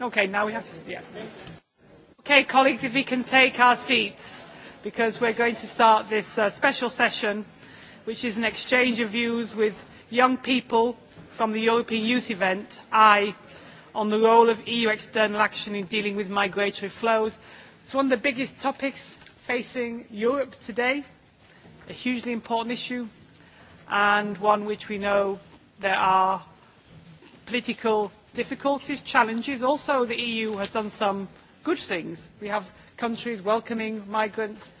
Okay, now we have to, yeah. Okay, colleagues, if we can take our seats, because we're going to start this uh, special session, which is an exchange of views with young people from the European Youth Event, I, on the role of EU external action in dealing with migratory flows. It's one of the biggest topics facing Europe today, a hugely important issue, and one which we know there are political difficulties, challenges. Also, the EU has done some good things. We have countries welcoming migrants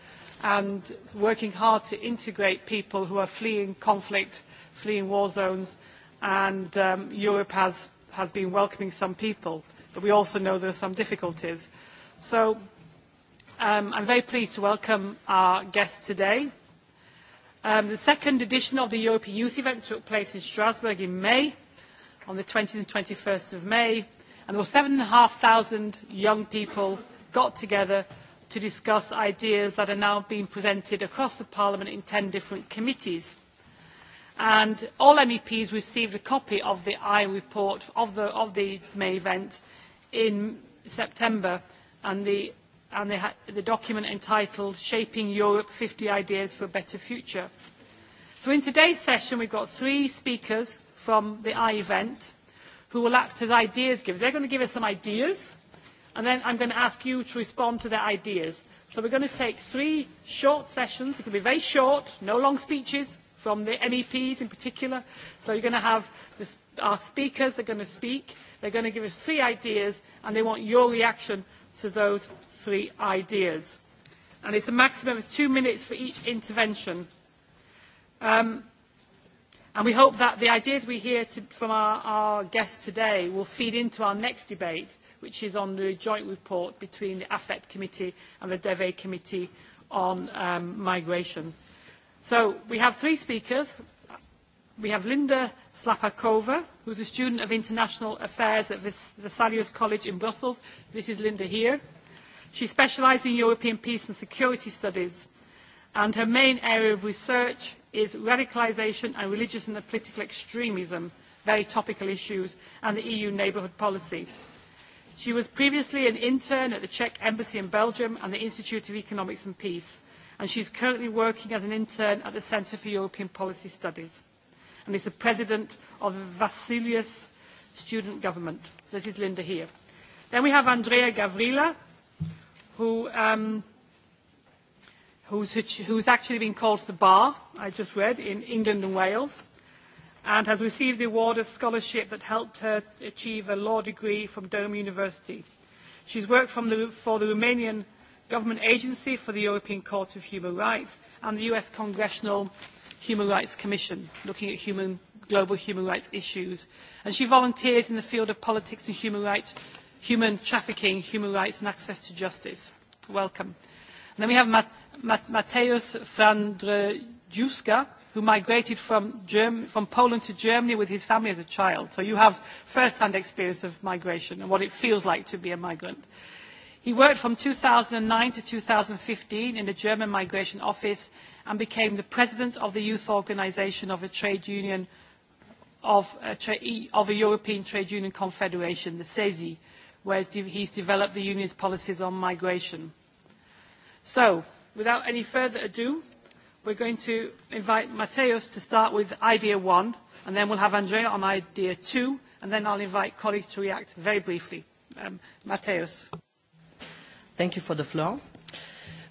and working hard to integrate people who are fleeing conflict, fleeing war zones, and um, Europe has, has been welcoming some people, but we also know there are some difficulties. So um, I'm very pleased to welcome our guests today. Um, the second edition of the European Youth Event took place in Strasbourg in May, on the 20th and 21st of May, and there were 7,500 young people got together to discuss ideas that are now being presented across the Parliament in 10 different committees. And all MEPs received a copy of the I report of the, of the May event in September, and the, and the, the document entitled Shaping Europe 50 Ideas for a Better Future. So in today's session, we've got three speakers from the I event who will act as ideas givers. They're going to give us some ideas and then I'm going to ask you to respond to their ideas. So we're going to take three short sessions. It can be very short, no long speeches from the MEPs in particular. So you're going to have this, our speakers are going to speak. They're going to give us three ideas and they want your reaction to those three ideas. And it's a maximum of two minutes for each intervention. Um, And we hope that the ideas we hear to, from our, our guests today will feed into our next debate, which is on the joint report between the AFET Committee and the DEVE Committee on um, migration. So we have three speakers. We have Linda Slapakova, who's a student of international affairs at Vesalius College in Brussels. This is Linda here. She specializes in European peace and security studies, and her main area of research is radicalisation and religious and political extremism, very topical issues, and the EU neighbourhood policy. She was previously an intern at the Czech Embassy in Belgium and the Institute of Economics and Peace, and she is currently working as an intern at the Centre for European Policy Studies, and is the president of the Vassilius Student Government. This is Linda here. Then we have Andrea Gavrila, who um, who's, who's actually been called to the bar, I just read, in England and Wales, and has received the award of scholarship that helped her achieve a law degree from Dome University. She's worked from the, for the Romanian Government Agency for the European Court of Human Rights and the US Congressional Human Rights Commission, looking at human, global human rights issues. And she volunteers in the field of politics and human rights, human trafficking, human rights and access to justice. Welcome. And then we have Mateusz Juska, who migrated from, Germ from Poland to Germany with his family as a child. So you have first-hand experience of migration and what it feels like to be a migrant. He worked from 2009 to 2015 in the German Migration Office and became the president of the youth organization of a trade union of a, uh, tra e, of a European Trade Union Confederation, the CESI, where he's developed the union's policies on migration. So, without any further ado, we're going to invite Mateos to start with idea one, and then we'll have Andrea on idea two, and then I'll invite colleagues to react very briefly. Um, Mateos. Thank you for the floor.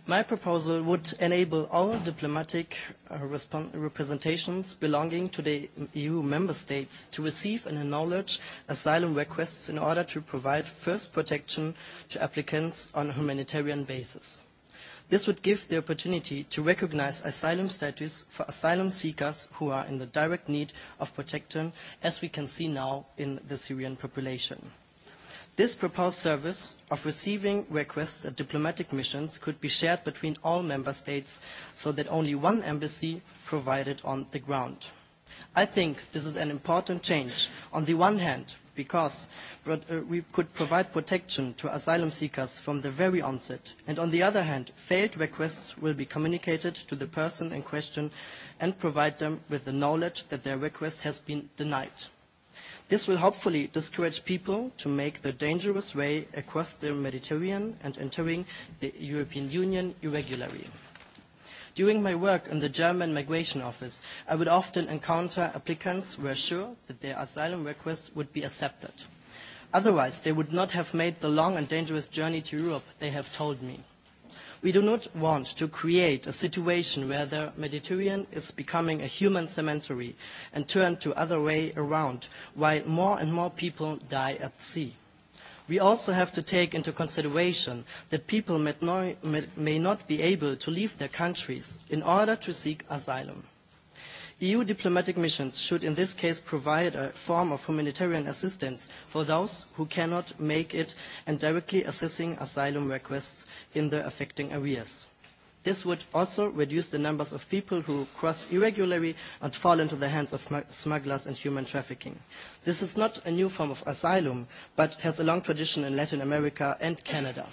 My proposal would enable all diplomatic uh, representations belonging to the EU member states to receive and acknowledge asylum requests in order to provide first protection to applicants on a humanitarian basis. This would give the opportunity to recognize asylum status for asylum seekers who are in the direct need of protection, as we can see now in the Syrian population. This proposed service of receiving requests at diplomatic missions could be shared between all member states so that only one embassy provided on the ground. I think this is an important change. On the one hand, because uh, we could provide protection to asylum seekers from the very onset, and on the other hand, failed requests will be communicated to the person in question and provide them with the knowledge that their request has been denied. This will hopefully discourage people to make the dangerous way across the Mediterranean and entering the European Union irregularly. During my work in the German Migration Office, I would often encounter applicants who were sure that their asylum request would be accepted. Otherwise, they would not have made the long and dangerous journey to Europe they have told me. We do not want to create a situation where the Mediterranean is becoming a human cemetery and turned to other way around, while more and more people die at sea. We also have to take into consideration that people may not be able to leave their countries in order to seek asylum. EU diplomatic missions should in this case provide a form of humanitarian assistance for those who cannot make it and directly assessing asylum requests in the affecting areas. This would also reduce the numbers of people who cross irregularly and fall into the hands of smugglers and human trafficking. This is not a new form of asylum, but has a long tradition in Latin America and Canada.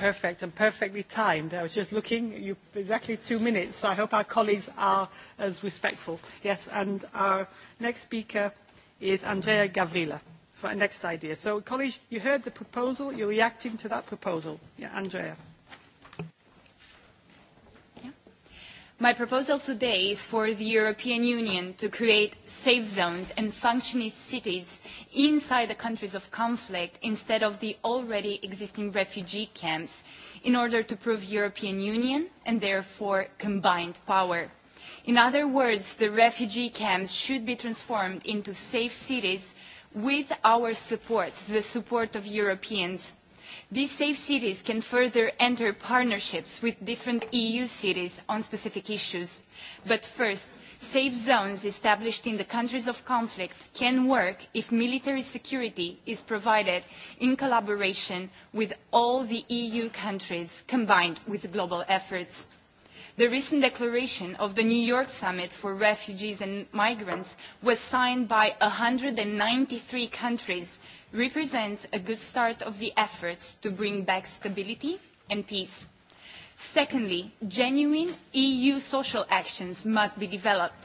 Perfect and perfectly timed. I was just looking, you, exactly two minutes. So I hope our colleagues are as respectful. Yes, and our next speaker is Andrea Gavrila for our next idea. So, colleagues, you heard the proposal. You're reacting to that proposal. Yeah, Andrea. Yeah. My proposal today is for the European Union to create safe zones and functioning cities inside the countries of conflict instead of the already existing refugee camps in order to prove European Union and therefore combined power. In other words, the refugee camps should be transformed into safe cities with our support, the support of Europeans. These safe cities can further enter partnerships with different EU cities on specific issues. But first, safe zones established in the countries of conflict can work if military security is provided in collaboration with all the EU countries combined with global efforts. The recent declaration of the New York Summit for Refugees and Migrants was signed by 193 countries, represents a good start of the efforts to bring back stability and peace. Secondly, genuine EU social actions must be developed.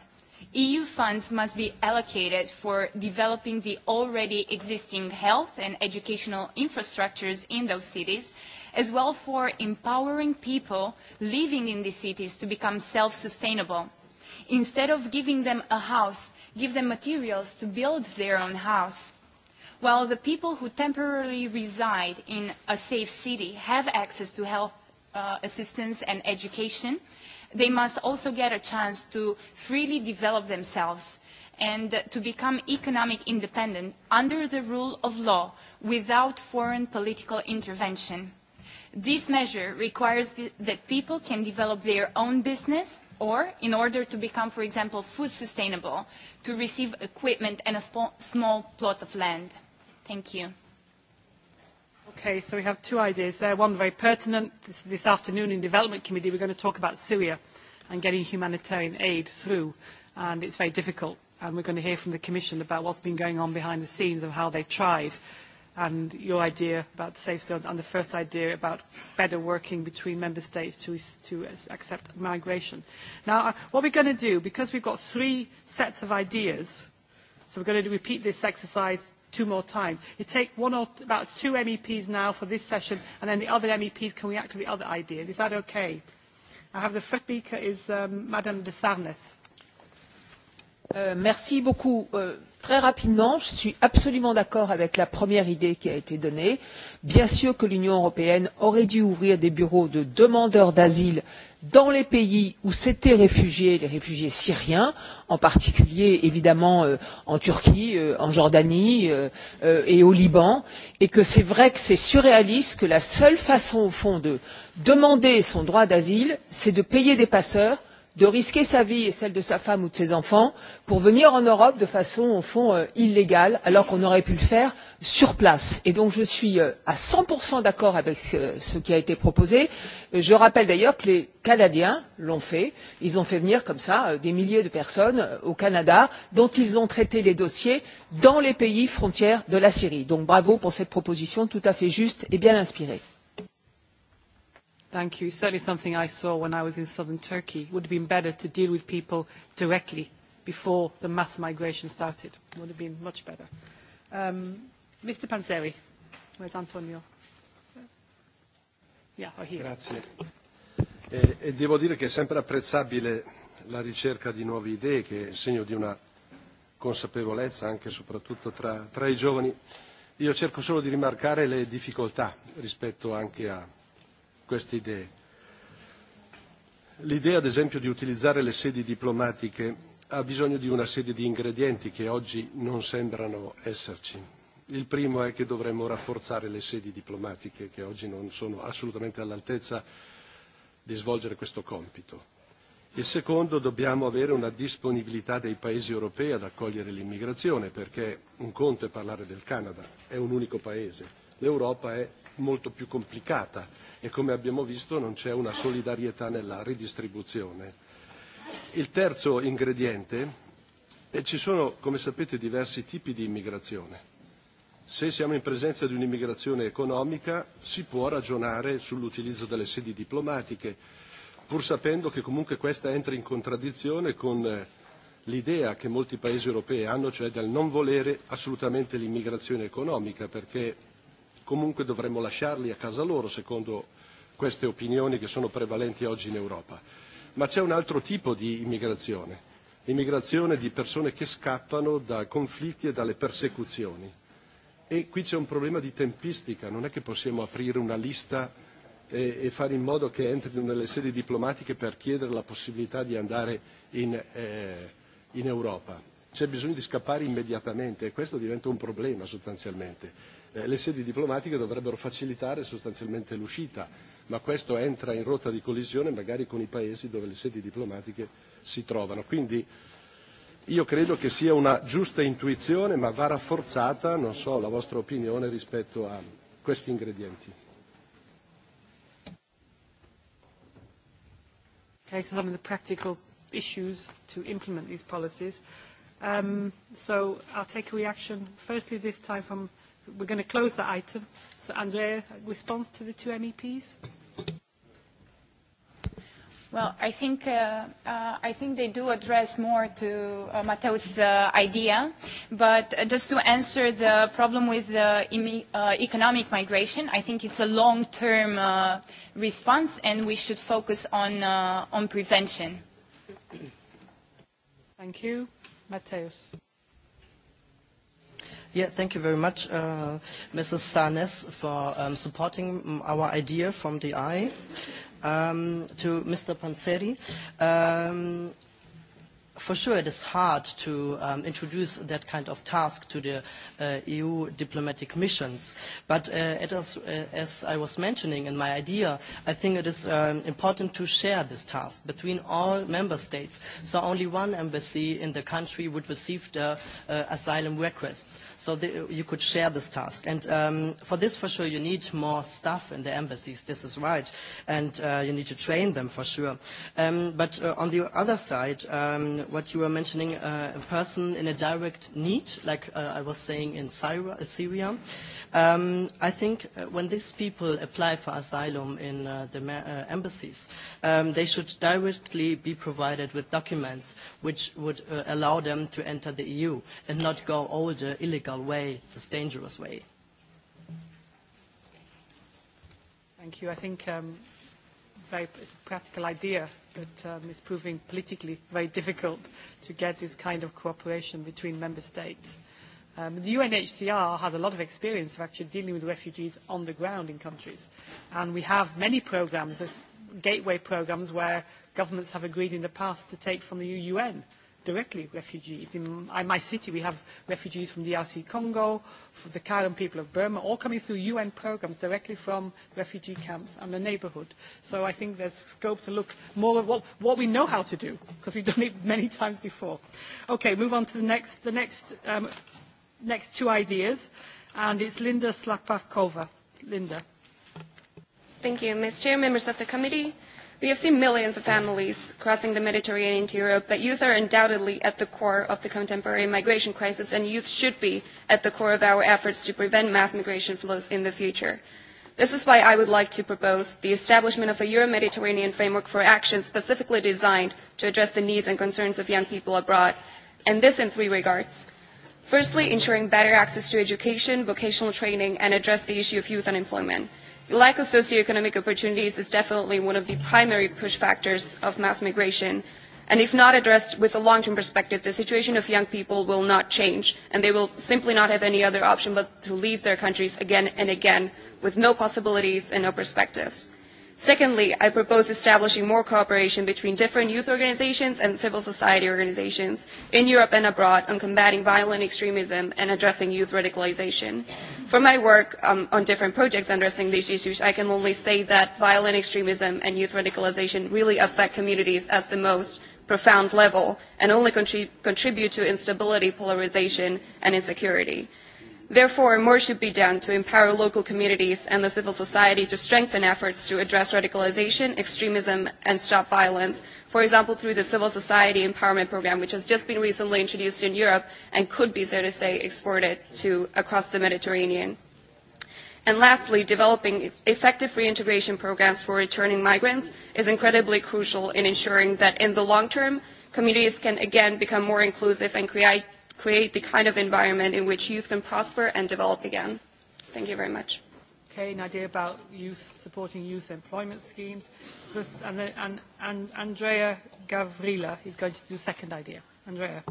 EU funds must be allocated for developing the already existing health and educational infrastructures in those cities as well for empowering people living in these cities to become self-sustainable. Instead of giving them a house, give them materials to build their own house. While the people who temporarily reside in a safe city have access to health uh, assistance and education, they must also get a chance to freely develop themselves and to become economic independent under the rule of law without foreign political intervention. This measure requires th that people can develop their own business or, in order to become, for example, food sustainable, to receive equipment and a small small plot of land. Thank you. Okay, so we have two ideas there. One very pertinent. This, this afternoon in Development Committee, we're going to talk about Syria and getting humanitarian aid through, and it's very difficult. And we're going to hear from the Commission about what's been going on behind the scenes of how they tried and your idea about safe zones and the first idea about better working between member states to, to accept migration. Now, uh, what we're going to do, because we've got three sets of ideas, so we're going to repeat this exercise two more times. You take one or about two MEPs now for this session, and then the other MEPs can react to the other ideas. Is that okay? I have the first speaker is um, Madame de Sarneth. Euh, merci beaucoup. Euh, très rapidement, je suis absolument d'accord avec la première idée qui a été donnée. Bien sûr que l'Union européenne aurait dû ouvrir des bureaux de demandeurs d'asile dans les pays où s'étaient réfugiés les réfugiés syriens, en particulier évidemment euh, en Turquie, euh, en Jordanie euh, euh, et au Liban, et que c'est vrai que c'est surréaliste que la seule façon au fond de demander son droit d'asile, c'est de payer des passeurs de risquer sa vie et celle de sa femme ou de ses enfants pour venir en Europe de façon, au fond, euh, illégale, alors qu'on aurait pu le faire sur place. Et donc, je suis euh, à 100% d'accord avec ce, ce qui a été proposé. Euh, je rappelle d'ailleurs que les Canadiens l'ont fait. Ils ont fait venir comme ça euh, des milliers de personnes euh, au Canada dont ils ont traité les dossiers dans les pays frontières de la Syrie. Donc, bravo pour cette proposition tout à fait juste et bien inspirée. Thank you. Certainly something I saw when I was in southern Turkey. It would have been better to deal with people directly before the mass migration started. It would have been much better. Um, Mr. Panzeri, where's Antonio? Yeah, or here. Grazie. E, e devo dire che è sempre apprezzabile la ricerca di nuove idee, che è segno di una consapevolezza anche e soprattutto tra, tra i giovani. Io cerco solo di rimarcare le difficoltà rispetto anche a queste idee. L'idea, ad esempio, di utilizzare le sedi diplomatiche ha bisogno di una serie di ingredienti che oggi non sembrano esserci. Il primo è che dovremmo rafforzare le sedi diplomatiche che oggi non sono assolutamente all'altezza di svolgere questo compito. Il secondo, dobbiamo avere una disponibilità dei paesi europei ad accogliere l'immigrazione, perché un conto è parlare del Canada, è un unico paese. L'Europa è molto più complicata e come abbiamo visto non c'è una solidarietà nella ridistribuzione. Il terzo ingrediente è e ci sono, come sapete, diversi tipi di immigrazione. Se siamo in presenza di un'immigrazione economica si può ragionare sull'utilizzo delle sedi diplomatiche, pur sapendo che comunque questa entra in contraddizione con eh, l'idea che molti paesi europei hanno, cioè del non volere assolutamente l'immigrazione economica, perché comunque dovremmo lasciarli a casa loro, secondo queste opinioni che sono prevalenti oggi in Europa. Ma c'è un altro tipo di immigrazione, immigrazione di persone che scappano da conflitti e dalle persecuzioni. E qui c'è un problema di tempistica, non è che possiamo aprire una lista e, e fare in modo che entrino nelle sedi diplomatiche per chiedere la possibilità di andare in, eh, in Europa. C'è bisogno di scappare immediatamente e questo diventa un problema sostanzialmente. Eh, le sedi diplomatiche dovrebbero facilitare sostanzialmente l'uscita, ma questo entra in rotta di collisione magari con i paesi dove le sedi diplomatiche si trovano. Quindi io credo che sia una giusta intuizione, ma va rafforzata, non so, la vostra opinione rispetto a questi ingredienti. Okay, so some of the practical issues to implement these policies. Um, so I'll take a reaction, firstly this time from We're going to close that item. So, Andrea, response to the two MEPs? Well, I think, uh, uh, I think they do address more to uh, Matteo's uh, idea, but uh, just to answer the problem with the uh, economic migration, I think it's a long-term uh, response and we should focus on, uh, on prevention. Thank you. Matteus. Yeah, thank you very much, uh, Mrs. Sarnes, for um, supporting um, our idea from the eye. Um, to Mr. Panzeri, um, for sure it is hard to um, introduce that kind of task to the uh, EU diplomatic missions. But uh, it is, uh, as I was mentioning in my idea, I think it is um, important to share this task between all member states. So only one embassy in the country would receive the uh, asylum requests. So the, you could share this task. And um, for this, for sure, you need more staff in the embassies. This is right. And uh, you need to train them for sure. Um, but uh, on the other side, um, what you were mentioning, uh, a person in a direct need, like uh, I was saying in Syria, uh, Syria. Um, I think uh, when these people apply for asylum in uh, the uh, embassies, um, they should directly be provided with documents which would uh, allow them to enter the EU and not go all the illegal way, this dangerous way. Thank you. I think um, very, it's a practical idea but um, it's proving politically very difficult to get this kind of cooperation between member states. Um, the UNHCR has a lot of experience of actually dealing with refugees on the ground in countries. And we have many programs, uh, gateway programs, where governments have agreed in the past to take from the UN directly refugees. In my city, we have refugees from DRC Congo, from the Karen people of Burma, all coming through UN programs directly from refugee camps and the neighborhood. So I think there's scope to look more at what, what we know how to do, because we've done it many times before. Okay, move on to the next, the next, um, next two ideas, and it's Linda Slapakova. Linda. Thank you, Ms. Chair, members of the committee. We have seen millions of families crossing the Mediterranean to Europe, but youth are undoubtedly at the core of the contemporary migration crisis, and youth should be at the core of our efforts to prevent mass migration flows in the future. This is why I would like to propose the establishment of a Euro-Mediterranean framework for action specifically designed to address the needs and concerns of young people abroad, and this in three regards. Firstly, ensuring better access to education, vocational training, and address the issue of youth unemployment lack of socioeconomic opportunities is definitely one of the primary push factors of mass migration. And if not addressed with a long-term perspective, the situation of young people will not change, and they will simply not have any other option but to leave their countries again and again with no possibilities and no perspectives. Secondly, I propose establishing more cooperation between different youth organizations and civil society organizations in Europe and abroad on combating violent extremism and addressing youth radicalization. For my work um, on different projects addressing these issues, I can only say that violent extremism and youth radicalization really affect communities as the most profound level and only contrib contribute to instability, polarization, and insecurity. Therefore, more should be done to empower local communities and the civil society to strengthen efforts to address radicalization, extremism, and stop violence, for example, through the Civil Society Empowerment Program, which has just been recently introduced in Europe and could be, so to say, exported to across the Mediterranean. And lastly, developing effective reintegration programs for returning migrants is incredibly crucial in ensuring that in the long term, communities can again become more inclusive and create create the kind of environment in which youth can prosper and develop again. Thank you very much. Okay, an idea about youth, supporting youth employment schemes. So, and, then, and, and Andrea Gavrila is going to do the second idea. Andrea.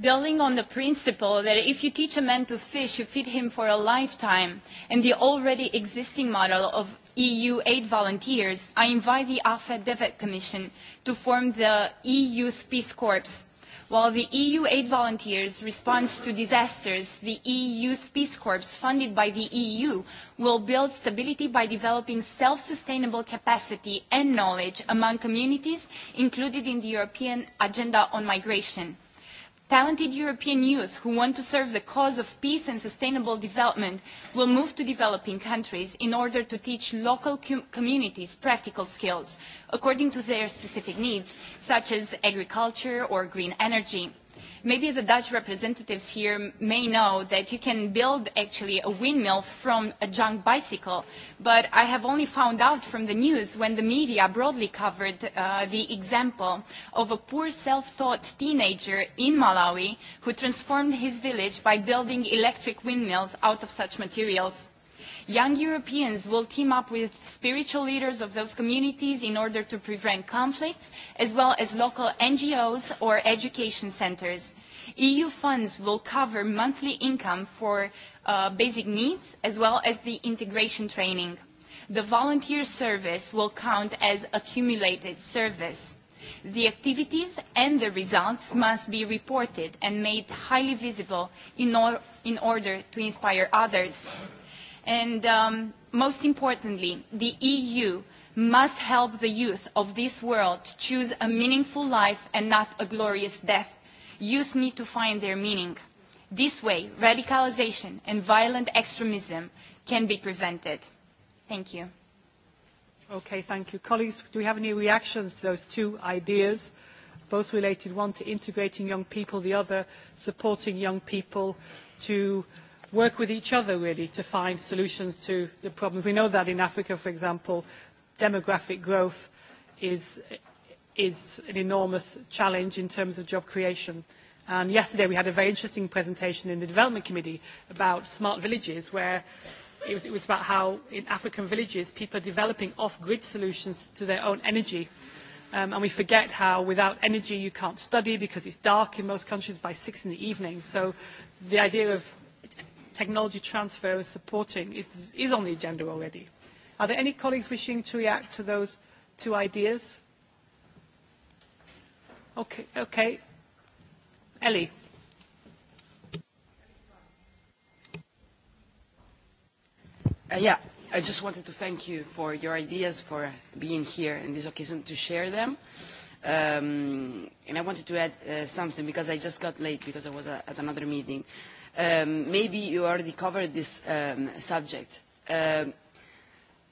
Building on the principle that if you teach a man to fish, you feed him for a lifetime, and the already existing model of EU aid volunteers, I invite the AFED DEVET Commission to form the EU Youth Peace Corps While the EU aid volunteers' response to disasters, the EU Youth Peace Corps, funded by the EU, will build stability by developing self-sustainable capacity and knowledge among communities included in the European Agenda on Migration. Talented European youth who want to serve the cause of peace and sustainable development will move to developing countries in order to teach local com communities practical skills according to their specific needs, such as agriculture or green energy. Maybe the Dutch representatives here may know that you can build actually a windmill from a junk bicycle, but I have only found out from the news when the media broadly covered uh, the example of a poor self-taught teenager in Malawi who transformed his village by building electric windmills out of such materials Young Europeans will team up with spiritual leaders of those communities in order to prevent conflicts, as well as local NGOs or education centers. EU funds will cover monthly income for uh, basic needs, as well as the integration training. The volunteer service will count as accumulated service. The activities and the results must be reported and made highly visible in, or in order to inspire others. And um, most importantly, the EU must help the youth of this world to choose a meaningful life and not a glorious death. Youth need to find their meaning. This way, radicalization and violent extremism can be prevented. Thank you. Okay, thank you. Colleagues, do we have any reactions to those two ideas? Both related, one to integrating young people, the other supporting young people to work with each other really to find solutions to the problems. We know that in Africa, for example, demographic growth is, is an enormous challenge in terms of job creation. And yesterday we had a very interesting presentation in the Development Committee about smart villages where it was, it was about how in African villages people are developing off-grid solutions to their own energy. Um, and we forget how without energy you can't study because it's dark in most countries by six in the evening. So the idea of technology transfer and supporting is, is on the agenda already. Are there any colleagues wishing to react to those two ideas? Okay, okay. Ellie. Uh, yeah, I just wanted to thank you for your ideas, for being here in this occasion to share them. Um, and I wanted to add uh, something because I just got late because I was uh, at another meeting. Uh, Um, maybe you already covered this um, subject. Um,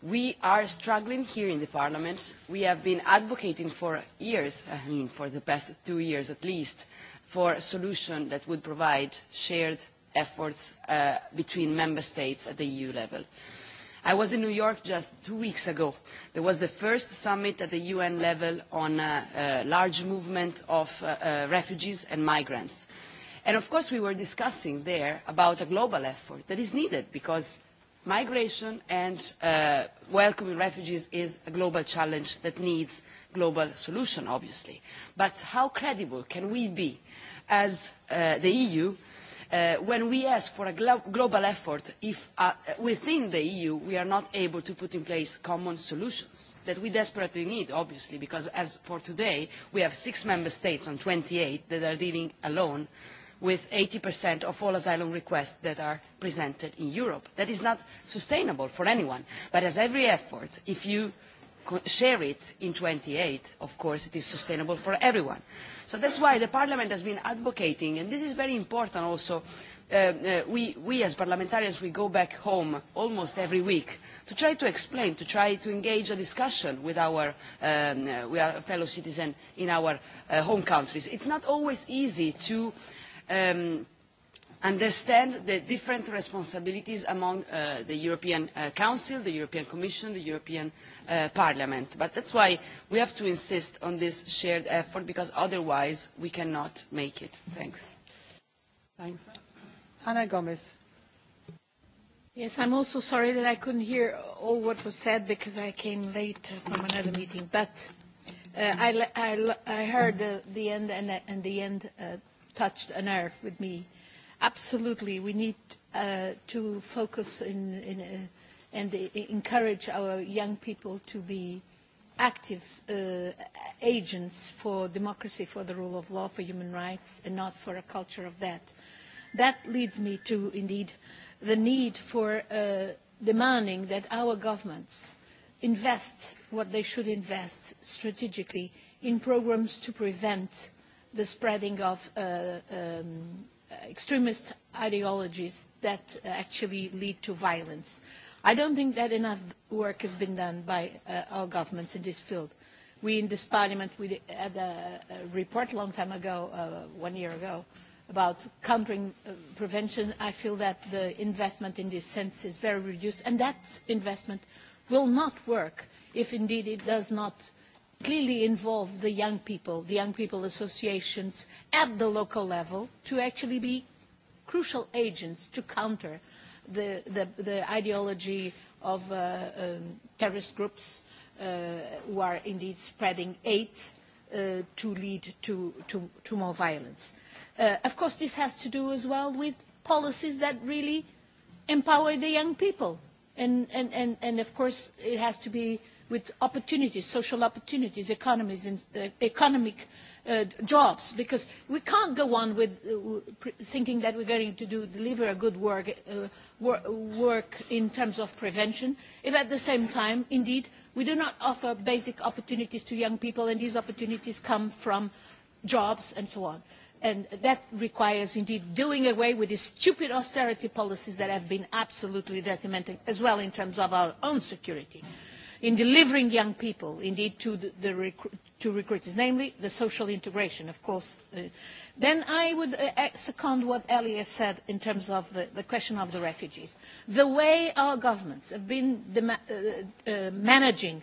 we are struggling here in the Parliament. We have been advocating for years, I mean for the past two years at least, for a solution that would provide shared efforts uh, between member states at the EU level. I was in New York just two weeks ago. There was the first summit at the UN level on a, uh, a uh, large movement of uh, uh, refugees and migrants. Uh, And of course we were discussing there about a global effort that is needed because migration and uh, welcoming refugees is a global challenge that needs global solution obviously. But how credible can we be as uh, the EU uh, when we ask for a glo global effort if uh, within the EU we are not able to put in place common solutions that we desperately need, obviously, because as for today, we have six member states on 28 that are dealing alone with 80% of all asylum requests that are presented in Europe. That is not sustainable for anyone. But as every effort, if you share it in 28, of course, it is sustainable for everyone. So that's why the Parliament has been advocating, and this is very important also, uh, uh, we, we as parliamentarians, we go back home almost every week to try to explain, to try to engage a discussion with our, um, uh, with our fellow citizens in our uh, home countries. It's not always easy to uh, um, understand the different responsibilities among uh, the European uh, Council, the European Commission, the European uh, Parliament. But that's why we have to insist on this shared effort, because otherwise we cannot make it. Thanks. Thanks. Ana Gomez. Yes, I'm also sorry that I couldn't hear all what was said because I came late from another meeting, but uh, I, I, I heard the, the end and, the, and the end uh, touched a nerve with me. Absolutely, we need uh, to focus in, in, uh, and uh, encourage our young people to be active uh, agents for democracy, for the rule of law, for human rights, and not for a culture of that. That leads me to, indeed, the need for uh, demanding that our governments invest what they should invest strategically in programs to prevent the spreading of uh, um, extremist ideologies that actually lead to violence. I don't think that enough work has been done by uh, our governments in this field. We in this parliament, we had a, a report a long time ago, uh, one year ago, about countering uh, prevention. I feel that the investment in this sense is very reduced, and that investment will not work if indeed it does not uh, clearly involve the young people, the young people associations at the local level to actually be crucial agents to counter the, the, the ideology of uh, um, terrorist groups uh, who are indeed spreading hate uh, to lead to, to, to more violence. Uh, of course, this has to do as well with policies that really empower the young people. And, and, and, and of course, it has to be uh, with opportunities, social opportunities, economies and, uh, economic uh, jobs, because we can't go on with uh, thinking that we're going to do, deliver a good work, uh, wor work in terms of prevention, if at the same time, indeed, we do not offer basic opportunities to young people, and these opportunities come from jobs and so on. And that requires indeed doing away with these stupid austerity policies that have been absolutely detrimental as well in terms of our own security. Mm -hmm in delivering young people, indeed, to, the, the rec to recruiters, namely the social integration, of course. Uh, then I would uh, uh, second what Elias said in terms of the, the question of the refugees. The way our governments have been uh, uh, managing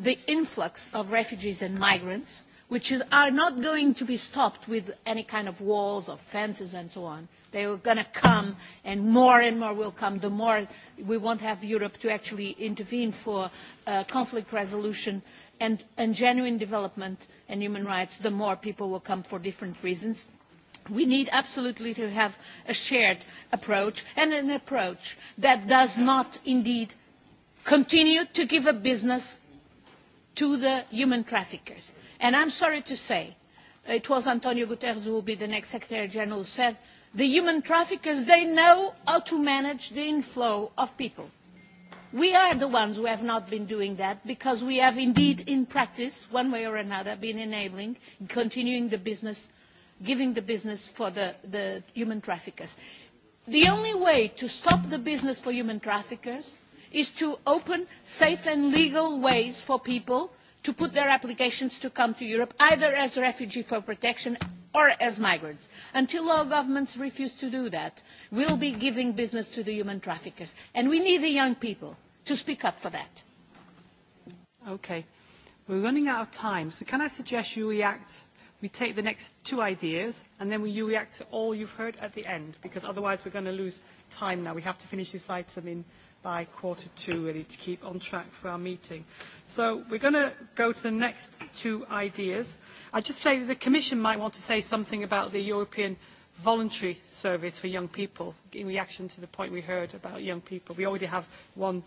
the influx of refugees and migrants, which is, are not going to be stopped with any kind of walls or fences and so on, They are going to come, and more and more will come. The more we won't have Europe to actually intervene for uh, conflict resolution and, and genuine development and human rights, the more people will come for different reasons. We need absolutely to have a shared approach and an approach that does not indeed continue to give a business to the human traffickers. And I'm sorry to say, it was Antonio Guterres who will be the next Secretary General, who said, the human traffickers, they know how to manage the inflow of people. We are the ones who have not been doing that because we have indeed, in practice, one way or another, been enabling, continuing the business, giving the business for the, the human traffickers. The only way to stop the business for human traffickers is to open safe and legal ways for people to put their applications to come to Europe, either as refugee for protection or as migrants. Until all governments refuse to do that, we'll be giving business to the human traffickers. And we need the young people to speak up for that. Okay. We're running out of time, so can I suggest you react, we take the next two ideas, and then you react to all you've heard at the end, because otherwise we're going to lose time now. We have to finish this item in by quarter two, really, to keep on track for our meeting. So we're going to go to the next two ideas. I just say that the Commission might want to say something about the European voluntary service for young people in reaction to the point we heard about young people. We already have one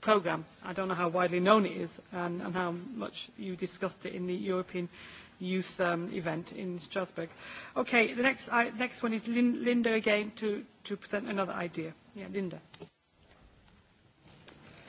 programme. I don't know how widely known it is and, and how much you discussed it in the European youth um, event in Strasbourg. Okay, the next, uh, next one is Lin Linda again to, to present another idea. Yeah, Linda.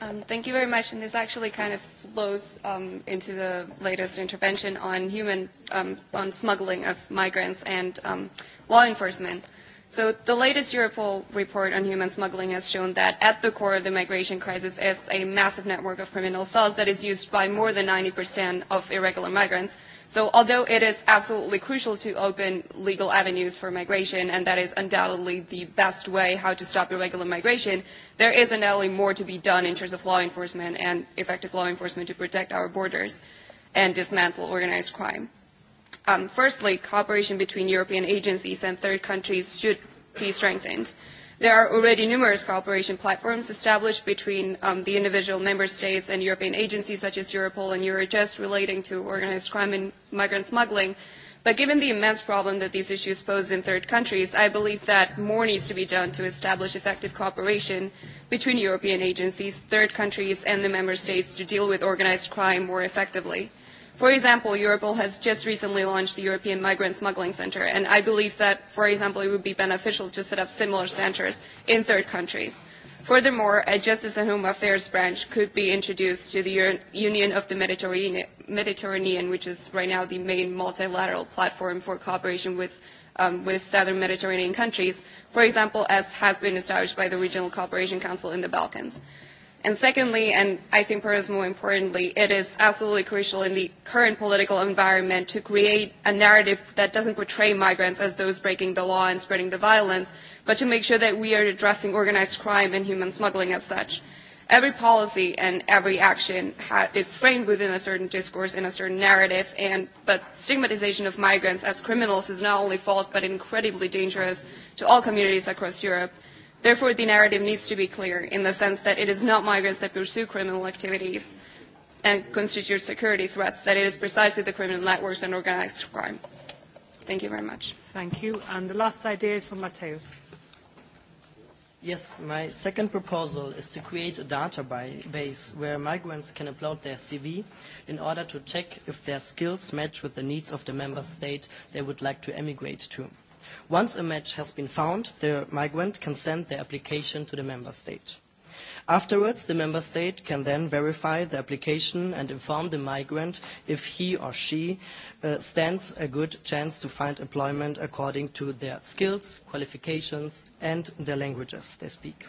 Um, thank you very much. And this actually kind of flows um, into the latest intervention on human um, on smuggling of migrants and um, law enforcement. So the latest Europol report on human smuggling has shown that at the core of the migration crisis is a massive network of criminal cells that is used by more than 90% of irregular migrants So although it is absolutely crucial to open legal avenues for migration, and that is undoubtedly the best way how to stop irregular migration, there is undoubtedly more to be done in terms of law enforcement and effective law enforcement to protect our borders and dismantle organized crime. Um, firstly, cooperation between European agencies and third countries should be strengthened. There are already numerous cooperation platforms established between um, the individual member states and European agencies such as Europol and Eurojust relating to organized crime and migrant smuggling. But given the immense problem that these issues pose in third countries, I believe that more needs to be done to establish effective cooperation between European agencies, third countries, and the member states to deal with organized crime more effectively. For example, Europol has just recently launched the European Migrant Smuggling Center, and I believe that, for example, it would be beneficial to set up similar centers in third countries. Furthermore, a Justice and Home Affairs branch could be introduced to the Euro Union of the Mediterranean, Mediterranean, which is right now the main multilateral platform for cooperation with, um, with southern Mediterranean countries, for example, as has been established by the Regional Cooperation Council in the Balkans. And secondly, and I think perhaps more importantly, it is absolutely crucial in the current political environment to create a narrative that doesn't portray migrants as those breaking the law and spreading the violence, but to make sure that we are addressing organized crime and human smuggling as such. Every policy and every action ha is framed within a certain discourse and a certain narrative, and, but stigmatization of migrants as criminals is not only false but incredibly dangerous to all communities across Europe. Therefore, the narrative needs to be clear in the sense that it is not migrants that pursue criminal activities and constitute security threats, that it is precisely the criminal networks and organized crime. Thank you very much. Thank you. And the last idea is from Mateusz. Yes, my second proposal is to create a database where migrants can upload their CV in order to check if their skills match with the needs of the member state they would like to emigrate to. Once a match has been found, the migrant can send the application to the member state. Afterwards, the member state can then verify the application and inform the migrant if he or she uh, stands a good chance to find employment according to their skills, qualifications and the languages they speak.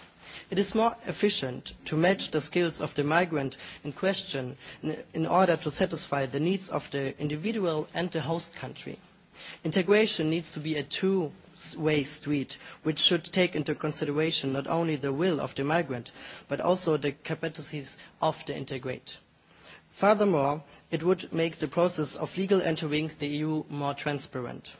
It is more efficient to match the skills of the migrant in question in order to satisfy the needs of the individual and the host country. Integration needs to be a two-way street, which should take into consideration not only the will of the migrant, but also the capacities of the integrate. Furthermore, it would make the process of legal entering the EU more transparent.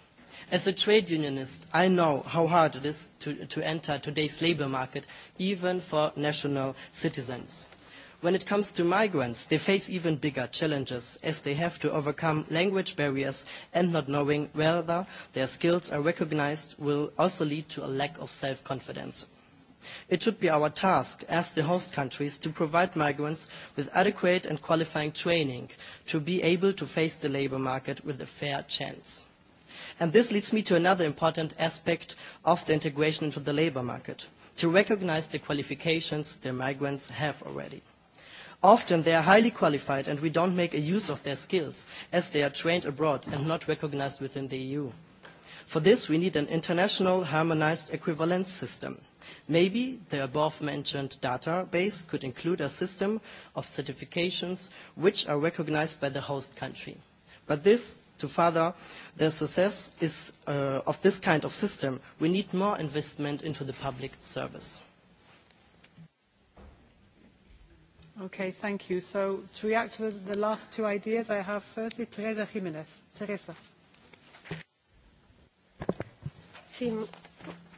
As a trade unionist, I know how hard it is to, to enter today's labour market, even for national citizens. When it comes to migrants, they face even bigger challenges as they have to overcome language barriers and not knowing whether their skills are recognized will also lead to a lack of self-confidence. It should be our task as the host countries to provide migrants with adequate and qualifying training to be able to face the labor market with a fair chance. And this leads me to another important aspect of the integration into the labor market, to recognize the qualifications the migrants have already. Often they are highly qualified and we don't make a use of their skills as they are trained abroad and not recognized within the EU. For this, we need an international harmonized equivalence system. Maybe the above-mentioned database could include a system of certifications which are recognized by the host country. But this to further the success is, uh, of this kind of system, we need more investment into the public service. Okay, thank you. So to react to the, last two ideas I have firstly, Teresa Jimenez. Teresa. Sí,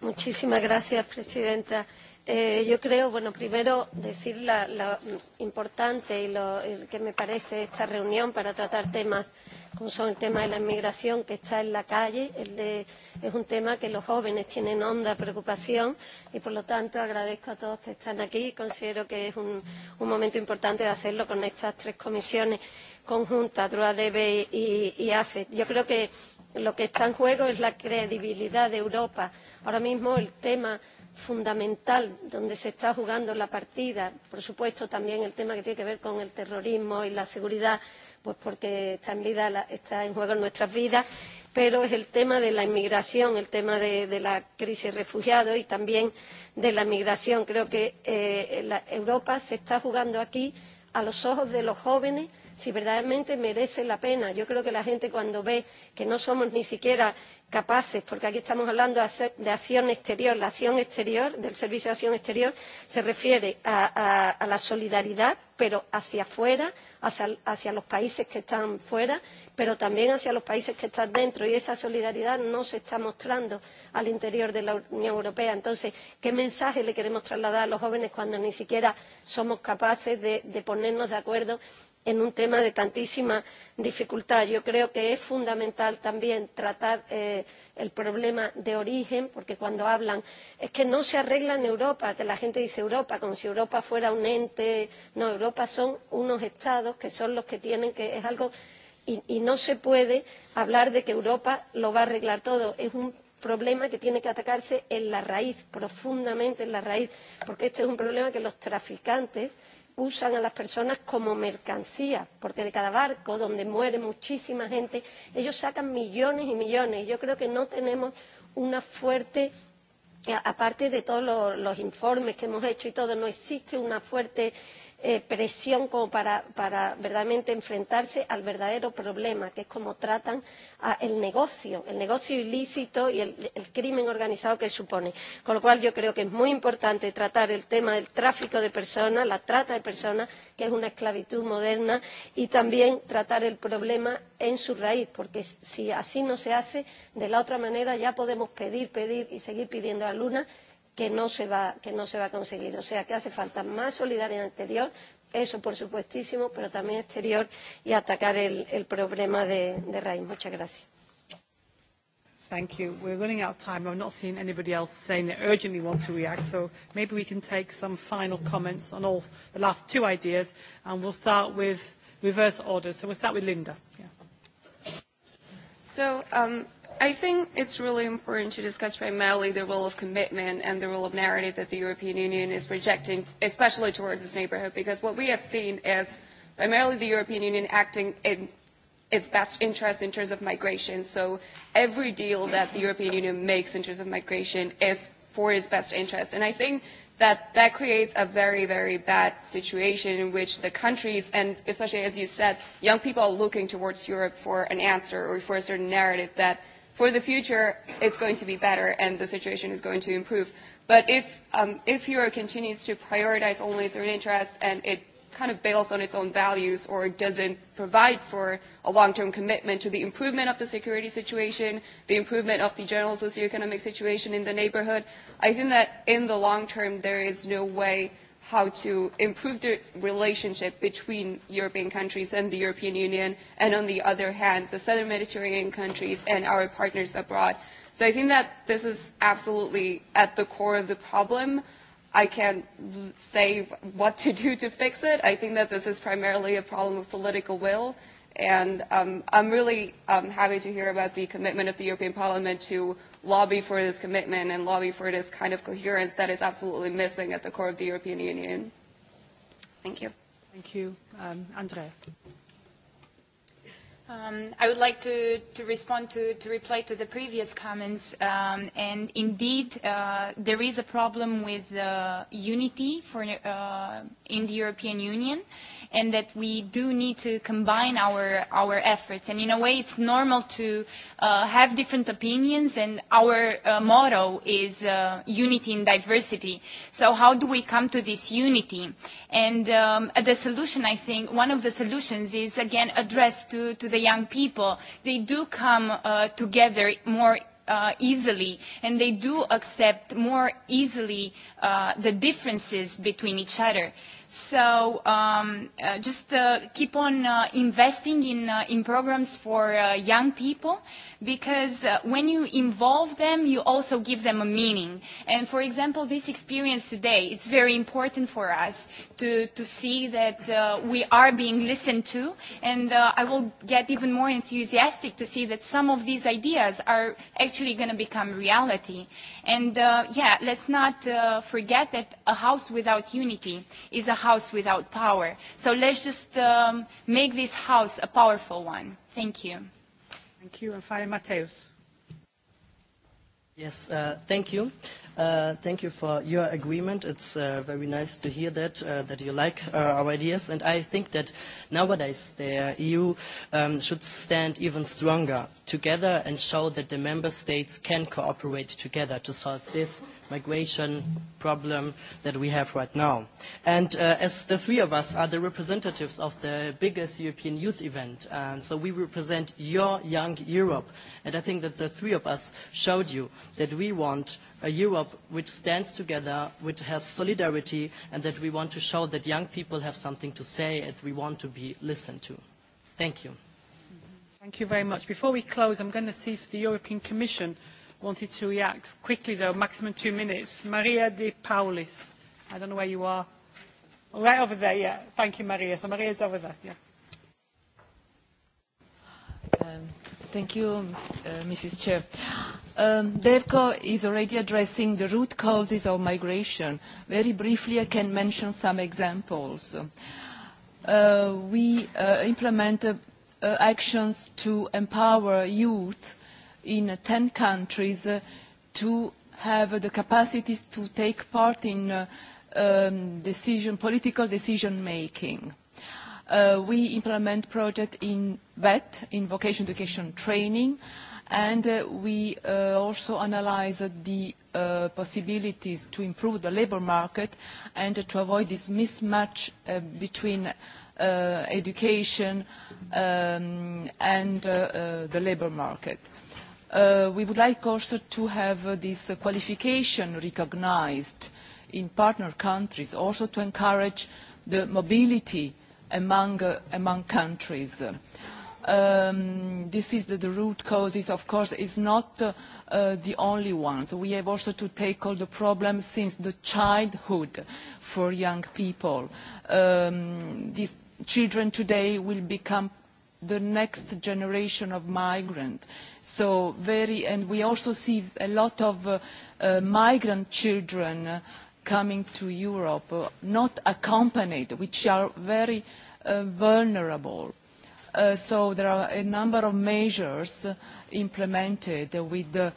muchísimas gracias, Presidenta. Eh, yo creo, bueno, primero decir la, la importante y lo el que me parece esta reunión para tratar temas como son el tema de la inmigración que está en la calle, el de, es un tema que los jóvenes tienen honda preocupación y por lo tanto agradezco a todos que están aquí y considero que es un, un momento importante de hacerlo con estas tres comisiones conjuntas, DRUADEB y, y AFE. Yo creo que lo que está en juego es la credibilidad de Europa. Ahora mismo el tema fundamental donde se está jugando la partida, por supuesto también el tema que tiene que ver con el terrorismo y la seguridad, pues porque está en, vida, está en juego en nuestras vidas, pero es el tema de la inmigración, el tema de, de la crisis de refugiados y también de la inmigración Creo que eh, la Europa se está jugando aquí a los ojos de los jóvenes si verdaderamente merece la pena. Yo creo que la gente cuando ve que no somos ni siquiera capaces, porque aquí estamos hablando de acción exterior, la acción exterior del Servicio de Acción Exterior se refiere a, a, a la solidaridad, pero hacia afuera, hacia, hacia los países que están fuera, pero también hacia los países que están dentro, y esa solidaridad no se está mostrando al interior de la Unión Europea. Entonces, ¿qué mensaje le queremos trasladar a los jóvenes cuando ni siquiera somos capaces de, de ponernos de acuerdo en un tema de tantísima dificultad. Yo creo que es fundamental también tratar eh, el problema de origen, porque cuando hablan es que no se arregla en Europa, que la gente dice Europa, como si Europa fuera un ente. No, Europa son unos estados que son los que tienen que. Es algo. Y, y no se puede hablar de que Europa lo va a arreglar todo. Es un problema que tiene que atacarse en la raíz, profundamente en la raíz, porque este es un problema que los traficantes usan a las personas como mercancía, porque de cada barco donde muere muchísima gente, ellos sacan millones y millones. Yo creo que no tenemos una fuerte aparte de todos los, los informes que hemos hecho y todo, no existe una fuerte eh, presión como para, para verdaderamente enfrentarse al verdadero problema, que es cómo tratan a el negocio, el negocio ilícito y el, el crimen organizado que supone. Con lo cual yo creo que es muy importante tratar el tema del tráfico de personas, la trata de personas, que es una esclavitud moderna, y también tratar el problema en su raíz, porque si así no se hace, de la otra manera ya podemos pedir, pedir y seguir pidiendo a luna que no se va, que no se va a conseguir. O sea que hace falta más solidaridad interior, eso por supuestísimo, pero también exterior y atacar el, el problema de, de raíz. Muchas gracias. Thank you. We're running out of time. I've not seen anybody else saying they urgently want to react, so maybe we can take some final comments on all the last two ideas, and we'll start with reverse order. So we'll start with Linda. Yeah. So um, I think it's really important to discuss primarily the role of commitment and the role of narrative that the European Union is projecting, especially towards its neighborhood, because what we have seen is primarily the European Union acting in its best interest in terms of migration. So every deal that the European Union makes in terms of migration is for its best interest. And I think that that creates a very, very bad situation in which the countries, and especially as you said, young people are looking towards Europe for an answer or for a certain narrative that – for the future, it's going to be better and the situation is going to improve. But if, um, if Europe continues to prioritize only its own interests and it kind of bails on its own values or doesn't provide for a long-term commitment to the improvement of the security situation, the improvement of the general socioeconomic situation in the neighborhood, I think that in the long term there is no way how to improve the relationship between European countries and the European Union, and on the other hand, the southern Mediterranean countries and our partners abroad. So I think that this is absolutely at the core of the problem. I can't say what to do to fix it. I think that this is primarily a problem of political will. And um, I'm really um, happy to hear about the commitment of the European Parliament to lobby for this commitment and lobby for this kind of coherence that is absolutely missing at the core of the European Union. Thank you. Thank you. Um, Andrea. Um, I would like to, to respond to, to reply to the previous comments. Um, and indeed, uh, there is a problem with uh, unity for, uh, in the European Union and that we do need to combine our, our efforts. And in a way, it's normal to uh, have different opinions and our uh, motto is uh, unity in diversity. So how do we come to this unity? And um, the solution, I think, one of the solutions is again addressed to, to the the young people, they do come uh, together more uh, easily and they do accept more easily uh, uh, the differences between each other. So um, uh, just uh, keep on uh, investing in, uh, in programs for uh, young people because uh, when you involve them, you also give them a meaning. And for example, this experience today, it's very important for us to, to see that uh, we are being listened to. And uh, I will get even more enthusiastic to see that some of these ideas are actually going to become reality. And uh, yeah, let's not uh, forget that a house without unity is a house without power. So let's just um, make this house a powerful one. Thank you. Thank you. And finally, Mateus. Yes, uh, thank you. Uh, thank you for your agreement. It's uh, very nice to hear that, uh, that you like uh, our ideas. And I think that nowadays the EU um, should stand even stronger together and show that the member states can cooperate together to solve this migration problem that we have right now. And uh, as the three of us are the representatives of the biggest European youth event, and so we represent your young Europe. And I think that the three of us showed you that we want a Europe which stands together, which has solidarity, and that we want to show that young people have something to say and we want to be listened to. Thank you. Thank you very much. Before we close, I'm going to see if the European Commission wanted to react quickly, though, maximum two minutes. Maria De Paulis. I don't know where you are. Right over there, yeah. Thank you, Maria. So Maria's over there, yeah. Um, thank you, uh, Mrs. Chair. Um, DEVCO is already addressing the root causes of migration. Very briefly, I can mention some examples. Uh, we uh, implement uh, actions to empower youth in 10 countries uh, to have the capacities to take part in uh, um, decision, political decision making. Uh, we implement project in VET, in vocation education training, and uh, we uh, also analyze uh, the uh, possibilities to improve the labor market and uh, to avoid this mismatch uh, between uh, education um, and uh, uh, the labor market. Uh, we would like also to have uh, this uh, qualification recognized in partner countries, also to encourage the mobility among, uh, among countries. Um, this is the, the root causes, of course, is not uh, uh, the only ones. We have also to tackle the problem since the childhood for young people. Um, these children today will become the next generation of migrants. So very, and we also see a lot of uh, uh, migrant children uh, coming to Europe, uh, not accompanied, which are very uh, vulnerable. Uh, so there are a number of measures implemented with the uh,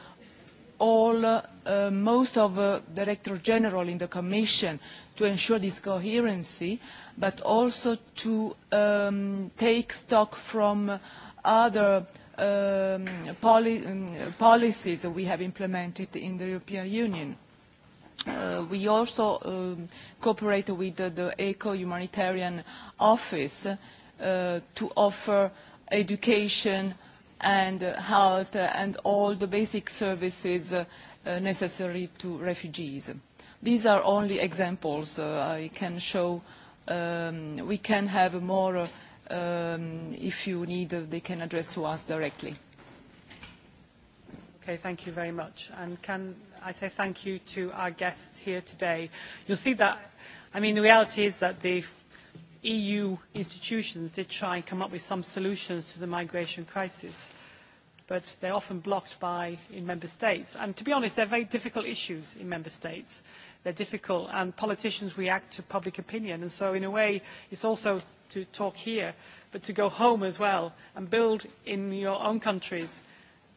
all, uh, most of uh, Director General in the Commission to ensure this coherency, but also to um, take stock from other um, poli um, policies that we have implemented in the European Union. Uh, we also um, cooperate with the, the Eco-Humanitarian Office uh, to offer education and health and all the basic services uh, necessary to refugees. These are only examples. Uh, I can show, um, we can have more, um, if you need, uh, they can address to us directly. Okay, thank you very much. And can I say thank you to our guests here today. You'll see that, I mean, the reality is that the EU institutions did try and come up with some solutions to the migration crisis, but they're often blocked by in member states. And to be honest, they're very difficult issues in member states they're difficult, and politicians react to public opinion. And so, in a way, it's also to talk here, but to go home as well and build in your own countries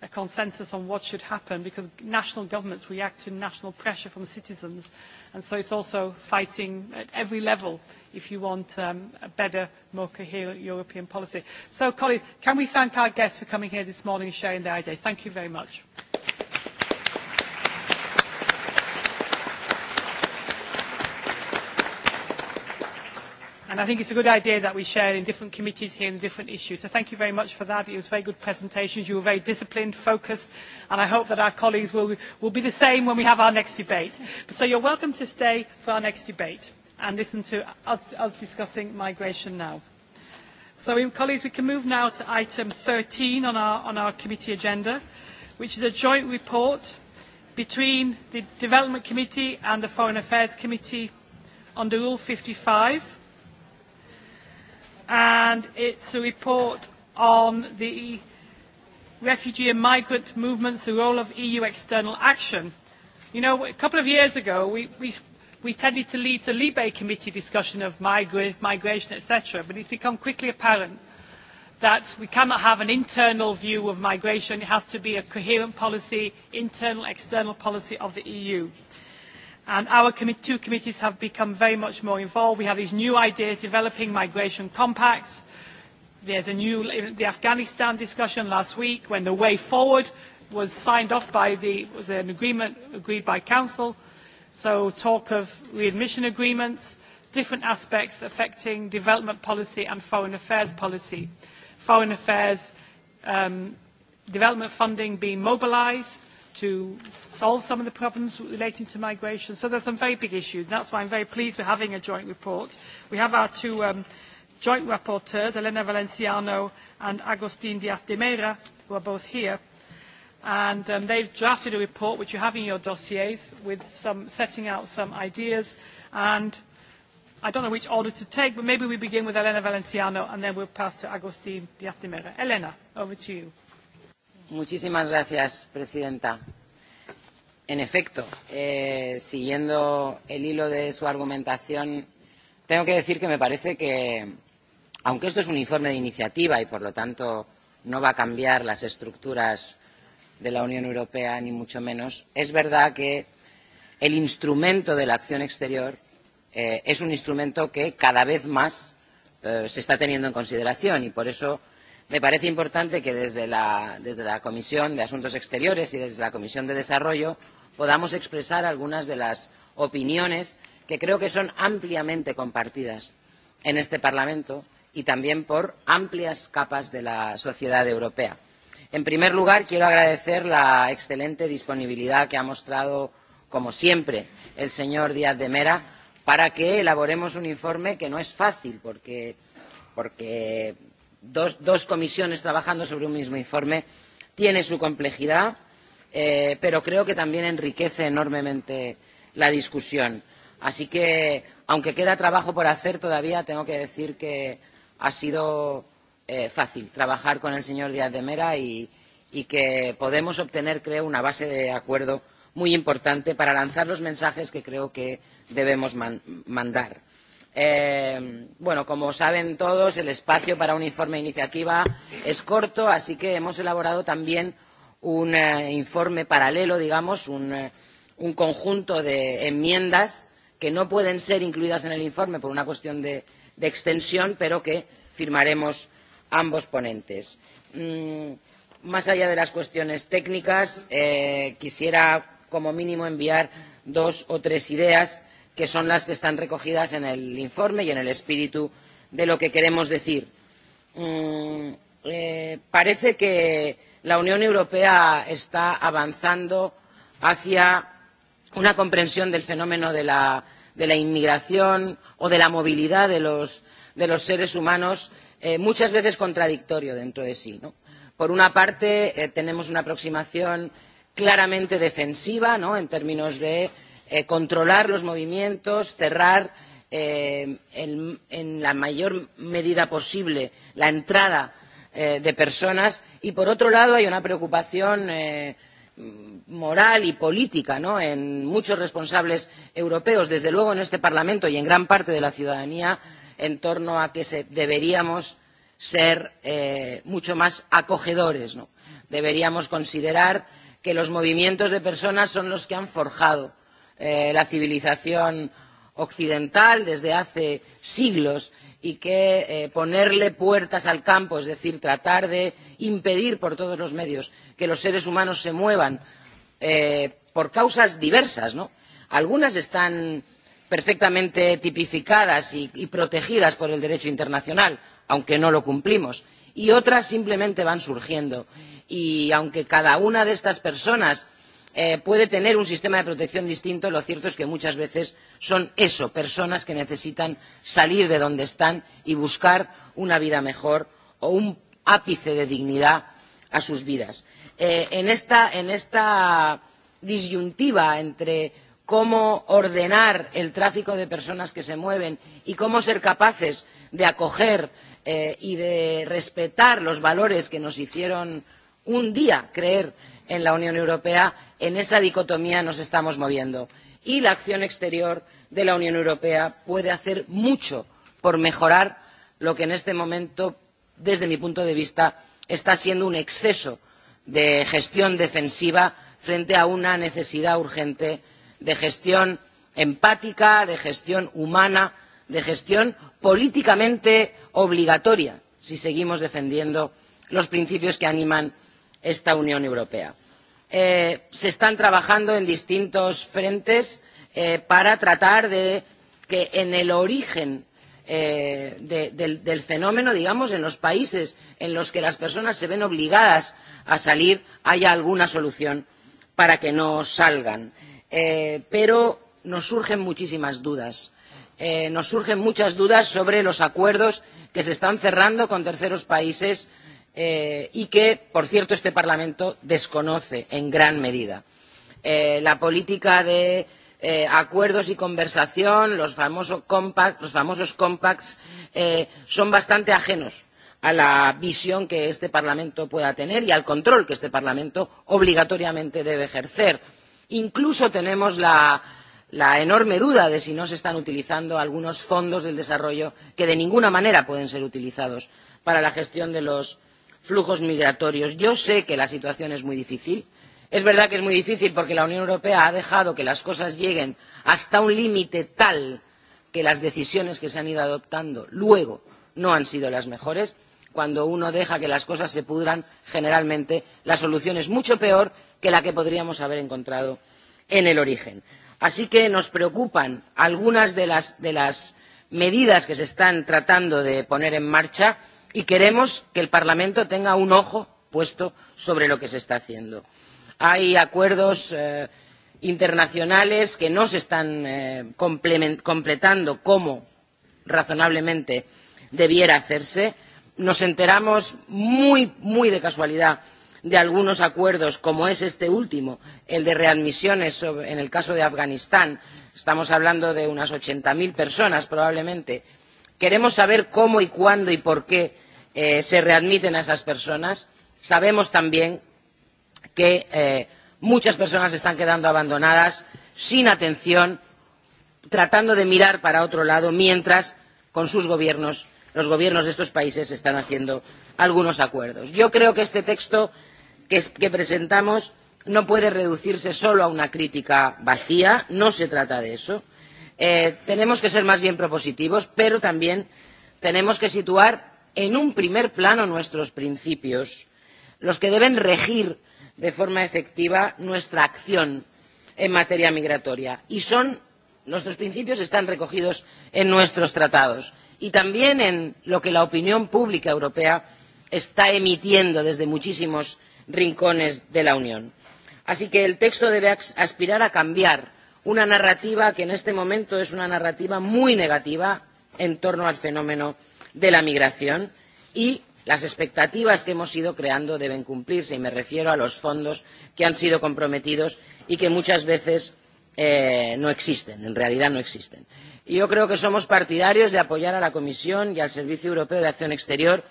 a consensus on what should happen because national governments react to national pressure from citizens. And so it's also fighting at every level if you want um, a better, more coherent European policy. So, colleagues, can we thank our guests for coming here this morning and sharing their ideas? Thank you very much. And I think it's a good idea that we share in different committees here and different issues. So thank you very much for that. It was very good presentations. You were very disciplined, focused, and I hope that our colleagues will, will be the same when we have our next debate. So you're welcome to stay for our next debate and listen to us, us discussing migration now. So, colleagues, we can move now to item 13 on our, on our committee agenda, which is a joint report between the Development Committee and the Foreign Affairs Committee under Rule 55 and it's a report on the refugee and migrant movements, the role of EU external action. You know, a couple of years ago, we, we, we tended to lead the Libe Committee discussion of migra migration, etc., but it's become quickly apparent that we cannot have an internal view of migration. It has to be a coherent policy, internal, external policy of the EU. And our two committees have become very much more involved. We have these new ideas developing migration compacts. There's a new, the Afghanistan discussion last week when the way forward was signed off by the, was an agreement agreed by Council. So talk of readmission agreements, different aspects affecting development policy and foreign affairs policy. Foreign affairs, um, development funding being mobilized, to solve some of the problems relating to migration. So there are some very big issues. And that's why I'm very pleased we're having a joint report. We have our two um, joint rapporteurs, Elena Valenciano and Agustin Diaz de Mera, who are both here. And um, they've drafted a report, which you have in your dossiers, with some, setting out some ideas. And I don't know which order to take, but maybe we begin with Elena Valenciano and then we'll pass to Agustin Diaz de Mera. Elena, over to you. Muchísimas gracias, presidenta. En efecto, eh, siguiendo el hilo de su argumentación, tengo que decir que me parece que, aunque esto es un informe de iniciativa y, por lo tanto, no va a cambiar las estructuras de la Unión Europea, ni mucho menos, es verdad que el instrumento de la acción exterior eh, es un instrumento que cada vez más eh, se está teniendo en consideración y, por eso, Me parece importante que desde la, desde la Comisión de Asuntos Exteriores y desde la Comisión de Desarrollo podamos expresar algunas de las opiniones que creo que son ampliamente compartidas en este Parlamento y también por amplias capas de la sociedad europea. En primer lugar, quiero agradecer la excelente disponibilidad que ha mostrado, como siempre, el señor Díaz de Mera para que elaboremos un informe que no es fácil, porque, porque dos, dos comisiones trabajando sobre un mismo informe tiene su complejidad, eh, pero creo que también enriquece enormemente la discusión. Así que, aunque queda trabajo por hacer todavía, tengo que decir que ha sido eh, fácil trabajar con el señor Díaz de Mera y, y que podemos obtener, creo, una base de acuerdo muy importante para lanzar los mensajes que creo que debemos man mandar. Eh, bueno, como saben todos, el espacio para un informe de iniciativa es corto, así que hemos elaborado también un eh, informe paralelo, digamos, un, eh, un conjunto de enmiendas que no pueden ser incluidas en el informe por una cuestión de, de extensión, pero que firmaremos ambos ponentes. Mm, más allá de las cuestiones técnicas, eh, quisiera como mínimo enviar dos o tres ideas que son las que están recogidas en el informe y en el espíritu de lo que queremos decir. Mm, eh, parece que la Unión Europea está avanzando hacia una comprensión del fenómeno de la, de la inmigración o de la movilidad de los, de los seres humanos, eh, muchas veces contradictorio dentro de sí. ¿no? Por una parte, eh, tenemos una aproximación claramente defensiva ¿no? en términos de eh, controlar los movimientos, cerrar eh, en, en la mayor medida posible la entrada eh, de personas y, por otro lado, hay una preocupación eh, moral y política ¿no? en muchos responsables europeos, desde luego en este Parlamento y en gran parte de la ciudadanía, en torno a que se, deberíamos ser eh, mucho más acogedores. ¿no? Deberíamos considerar que los movimientos de personas son los que han forjado eh, la civilización occidental desde hace siglos y que eh, ponerle puertas al campo, es decir, tratar de impedir por todos los medios que los seres humanos se muevan eh, por causas diversas, ¿no? Algunas están perfectamente tipificadas y, y protegidas por el derecho internacional, aunque no lo cumplimos, y otras simplemente van surgiendo. Y aunque cada una de estas personas eh, puede tener un sistema de protección distinto, lo cierto es que muchas veces son eso, personas que necesitan salir de donde están y buscar una vida mejor o un ápice de dignidad a sus vidas. Eh, en, esta, en esta disyuntiva entre cómo ordenar el tráfico de personas que se mueven y cómo ser capaces de acoger eh, y de respetar los valores que nos hicieron un día creer en la Unión Europea, En esa dicotomía nos estamos moviendo. Y la acción exterior de la Unión Europea puede hacer mucho por mejorar lo que en este momento, desde mi punto de vista, está siendo un exceso de gestión defensiva frente a una necesidad urgente de gestión empática, de gestión humana, de gestión políticamente obligatoria si seguimos defendiendo los principios que animan esta Unión Europea eh, se están trabajando en distintos frentes eh, para tratar de que en el origen eh, de, del, del fenómeno, digamos, en los países en los que las personas se ven obligadas a salir, haya alguna solución para que no salgan. Eh, pero nos surgen muchísimas dudas. Eh, nos surgen muchas dudas sobre los acuerdos que se están cerrando con terceros países eh, eh, y que, por cierto, este Parlamento desconoce en gran medida. Eh, la política de eh, acuerdos y conversación, los, famoso compact, los famosos compacts, eh, son bastante ajenos a la visión que este Parlamento pueda tener y al control que este Parlamento obligatoriamente debe ejercer. Incluso tenemos la, la enorme duda de si no se están utilizando algunos fondos del desarrollo que de ninguna manera pueden ser utilizados para la gestión de los flujos migratorios. Yo sé que la situación es muy difícil. Es verdad que es muy difícil porque la Unión Europea ha dejado que las cosas lleguen hasta un límite tal que las decisiones que se han ido adoptando luego no han sido las mejores. Cuando uno deja que las cosas se pudran, generalmente la solución es mucho peor que la que podríamos haber encontrado en el origen. Así que nos preocupan algunas de las, de las medidas que se están tratando de poner en marcha y queremos que el Parlamento tenga un ojo puesto sobre lo que se está haciendo. Hay acuerdos eh, internacionales que no se están eh, completando como razonablemente debiera hacerse. Nos enteramos muy, muy de casualidad de algunos acuerdos, como es este último, el de readmisiones sobre, en el caso de Afganistán. Estamos hablando de unas 80.000 personas probablemente. Queremos saber cómo y cuándo y por qué eh, se readmiten a esas personas. Sabemos también que eh, muchas personas están quedando abandonadas, sin atención, tratando de mirar para otro lado, mientras con sus gobiernos, los gobiernos de estos países están haciendo algunos acuerdos. Yo creo que este texto que, que presentamos no puede reducirse solo a una crítica vacía, no se trata de eso. Eh, tenemos que ser más bien propositivos, pero también tenemos que situar en un primer plano nuestros principios, los que deben regir de forma efectiva nuestra acción en materia migratoria. Y son, nuestros principios están recogidos en nuestros tratados y también en lo que la opinión pública europea está emitiendo desde muchísimos rincones de la Unión. Así que el texto debe aspirar a cambiar una narrativa que en este momento es una narrativa muy negativa en torno al fenómeno de la migración y las expectativas que hemos ido creando deben cumplirse y me refiero a los fondos que han sido comprometidos y que muchas veces eh, no existen, en realidad no existen. Y yo creo que somos partidarios de apoyar a la Comisión y al Servicio Europeo de Acción Exterior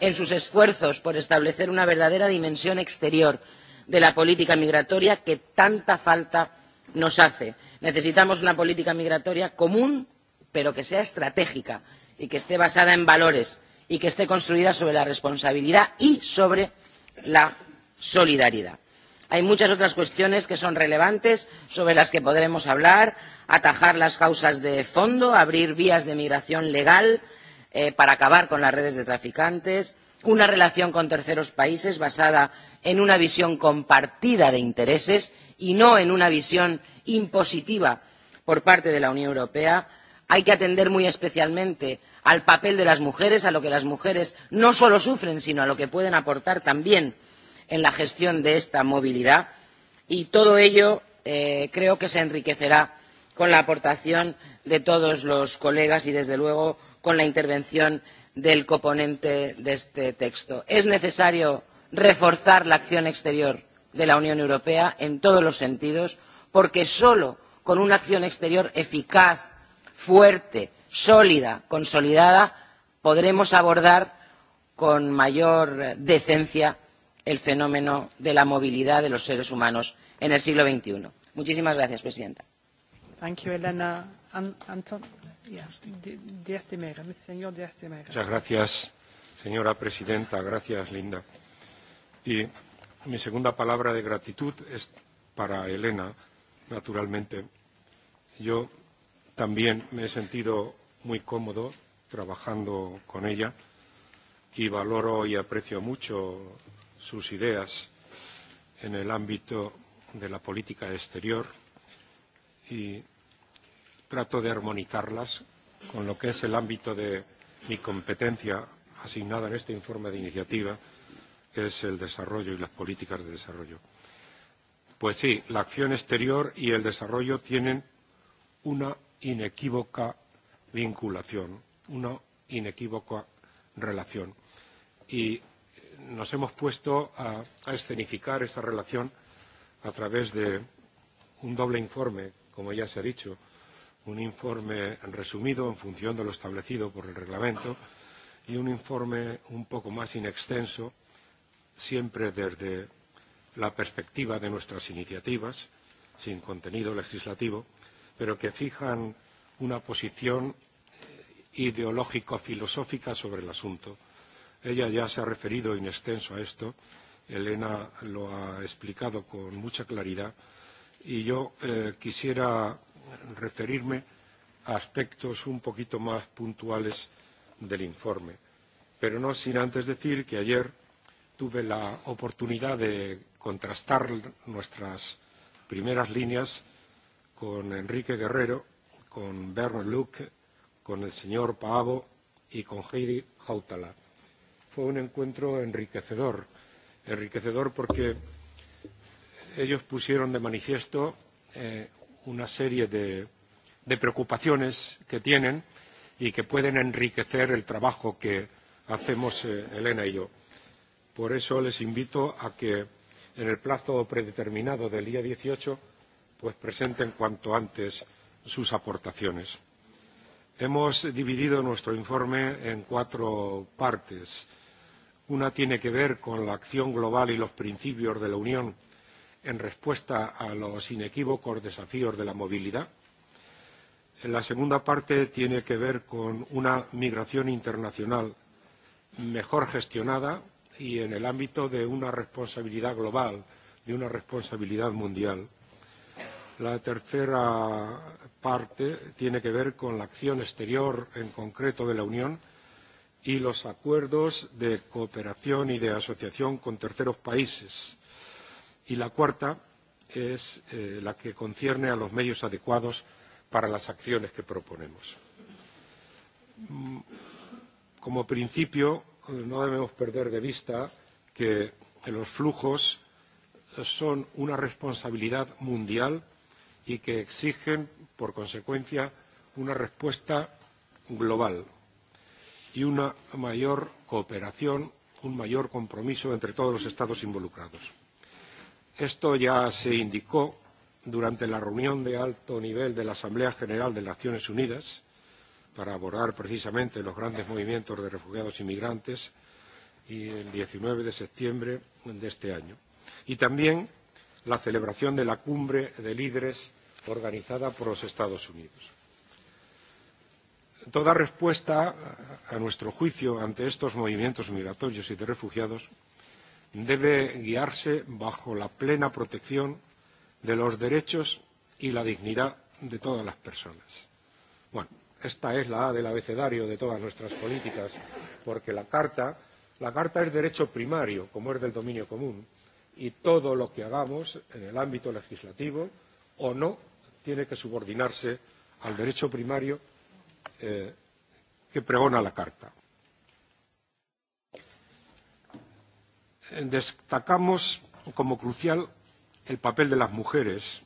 en sus esfuerzos por establecer una verdadera dimensión exterior de la política migratoria que tanta falta nos hace. Necesitamos una política migratoria común, pero que sea estratégica y que esté basada en valores y que esté construida sobre la responsabilidad y sobre la solidaridad. Hay muchas otras cuestiones que son relevantes sobre las que podremos hablar, atajar las causas de fondo, abrir vías de migración legal eh, para acabar con las redes de traficantes, una relación con terceros países basada en una visión compartida de intereses y no en una visión impositiva por parte de la Unión Europea, hay que atender muy especialmente al papel de las mujeres, a lo que las mujeres no solo sufren, sino a lo que pueden aportar también en la gestión de esta movilidad. Y todo ello eh, creo que se enriquecerá con la aportación de todos los colegas y, desde luego, con la intervención del coponente de este texto. Es necesario reforzar la acción exterior de la Unión Europea en todos los sentidos, porque solo con una acción exterior eficaz, fuerte, sólida, consolidada, podremos abordar con mayor decencia el fenómeno de la movilidad de los seres humanos en el siglo XXI. Muchísimas gracias, Presidenta. Thank you, Elena. An Anton yeah. señor Muchas gracias, señora presidenta. Gracias, Linda. Y mi segunda palabra de gratitud es para Elena, naturalmente. Yo También me he sentido muy cómodo trabajando con ella y valoro y aprecio mucho sus ideas en el ámbito de la política exterior y trato de armonizarlas con lo que es el ámbito de mi competencia asignada en este informe de iniciativa, que es el desarrollo y las políticas de desarrollo. Pues sí, la acción exterior y el desarrollo tienen una inequívoca vinculación, una inequívoca relación. Y nos hemos puesto a, a escenificar esa relación a través de un doble informe, como ya se ha dicho, un informe resumido en función de lo establecido por el reglamento y un informe un poco más inextenso, siempre desde la perspectiva de nuestras iniciativas, sin contenido legislativo, pero que fijan una posición ideológico-filosófica sobre el asunto. Ella ya se ha referido en extenso a esto, Elena lo ha explicado con mucha claridad, y yo eh, quisiera referirme a aspectos un poquito más puntuales del informe. Pero no sin antes decir que ayer tuve la oportunidad de contrastar nuestras primeras líneas con Enrique Guerrero, con Bernard Luke, con el señor Paavo y con Heidi Hautala. Fue un encuentro enriquecedor, enriquecedor porque ellos pusieron de manifiesto eh, una serie de, de preocupaciones que tienen y que pueden enriquecer el trabajo que hacemos eh, Elena y yo. Por eso les invito a que en el plazo predeterminado del día 18 pues presenten cuanto antes sus aportaciones. Hemos dividido nuestro informe en cuatro partes. Una tiene que ver con la acción global y los principios de la Unión en respuesta a los inequívocos desafíos de la movilidad. La segunda parte tiene que ver con una migración internacional mejor gestionada y en el ámbito de una responsabilidad global, de una responsabilidad mundial. La tercera parte tiene que ver con la acción exterior en concreto de la Unión y los acuerdos de cooperación y de asociación con terceros países. Y la cuarta es eh, la que concierne a los medios adecuados para las acciones que proponemos. Mm, como principio, eh, no debemos perder de vista que los flujos son una responsabilidad mundial y que exigen, por consecuencia, una respuesta global y una mayor cooperación, un mayor compromiso entre todos los Estados involucrados. Esto ya se indicó durante la reunión de alto nivel de la Asamblea General de las Naciones Unidas para abordar precisamente los grandes movimientos de refugiados y migrantes y el 19 de septiembre de este año. Y también la celebración de la cumbre de líderes organizada por los Estados Unidos. Toda respuesta, a nuestro juicio, ante estos movimientos migratorios y de refugiados debe guiarse bajo la plena protección de los derechos y la dignidad de todas las personas. Bueno, esta es la A del abecedario de todas nuestras políticas, porque la Carta, la Carta es derecho primario, como es del dominio común, y todo lo que hagamos en el ámbito legislativo o no tiene que subordinarse al derecho primario eh, que pregona la Carta. Destacamos como crucial el papel de las mujeres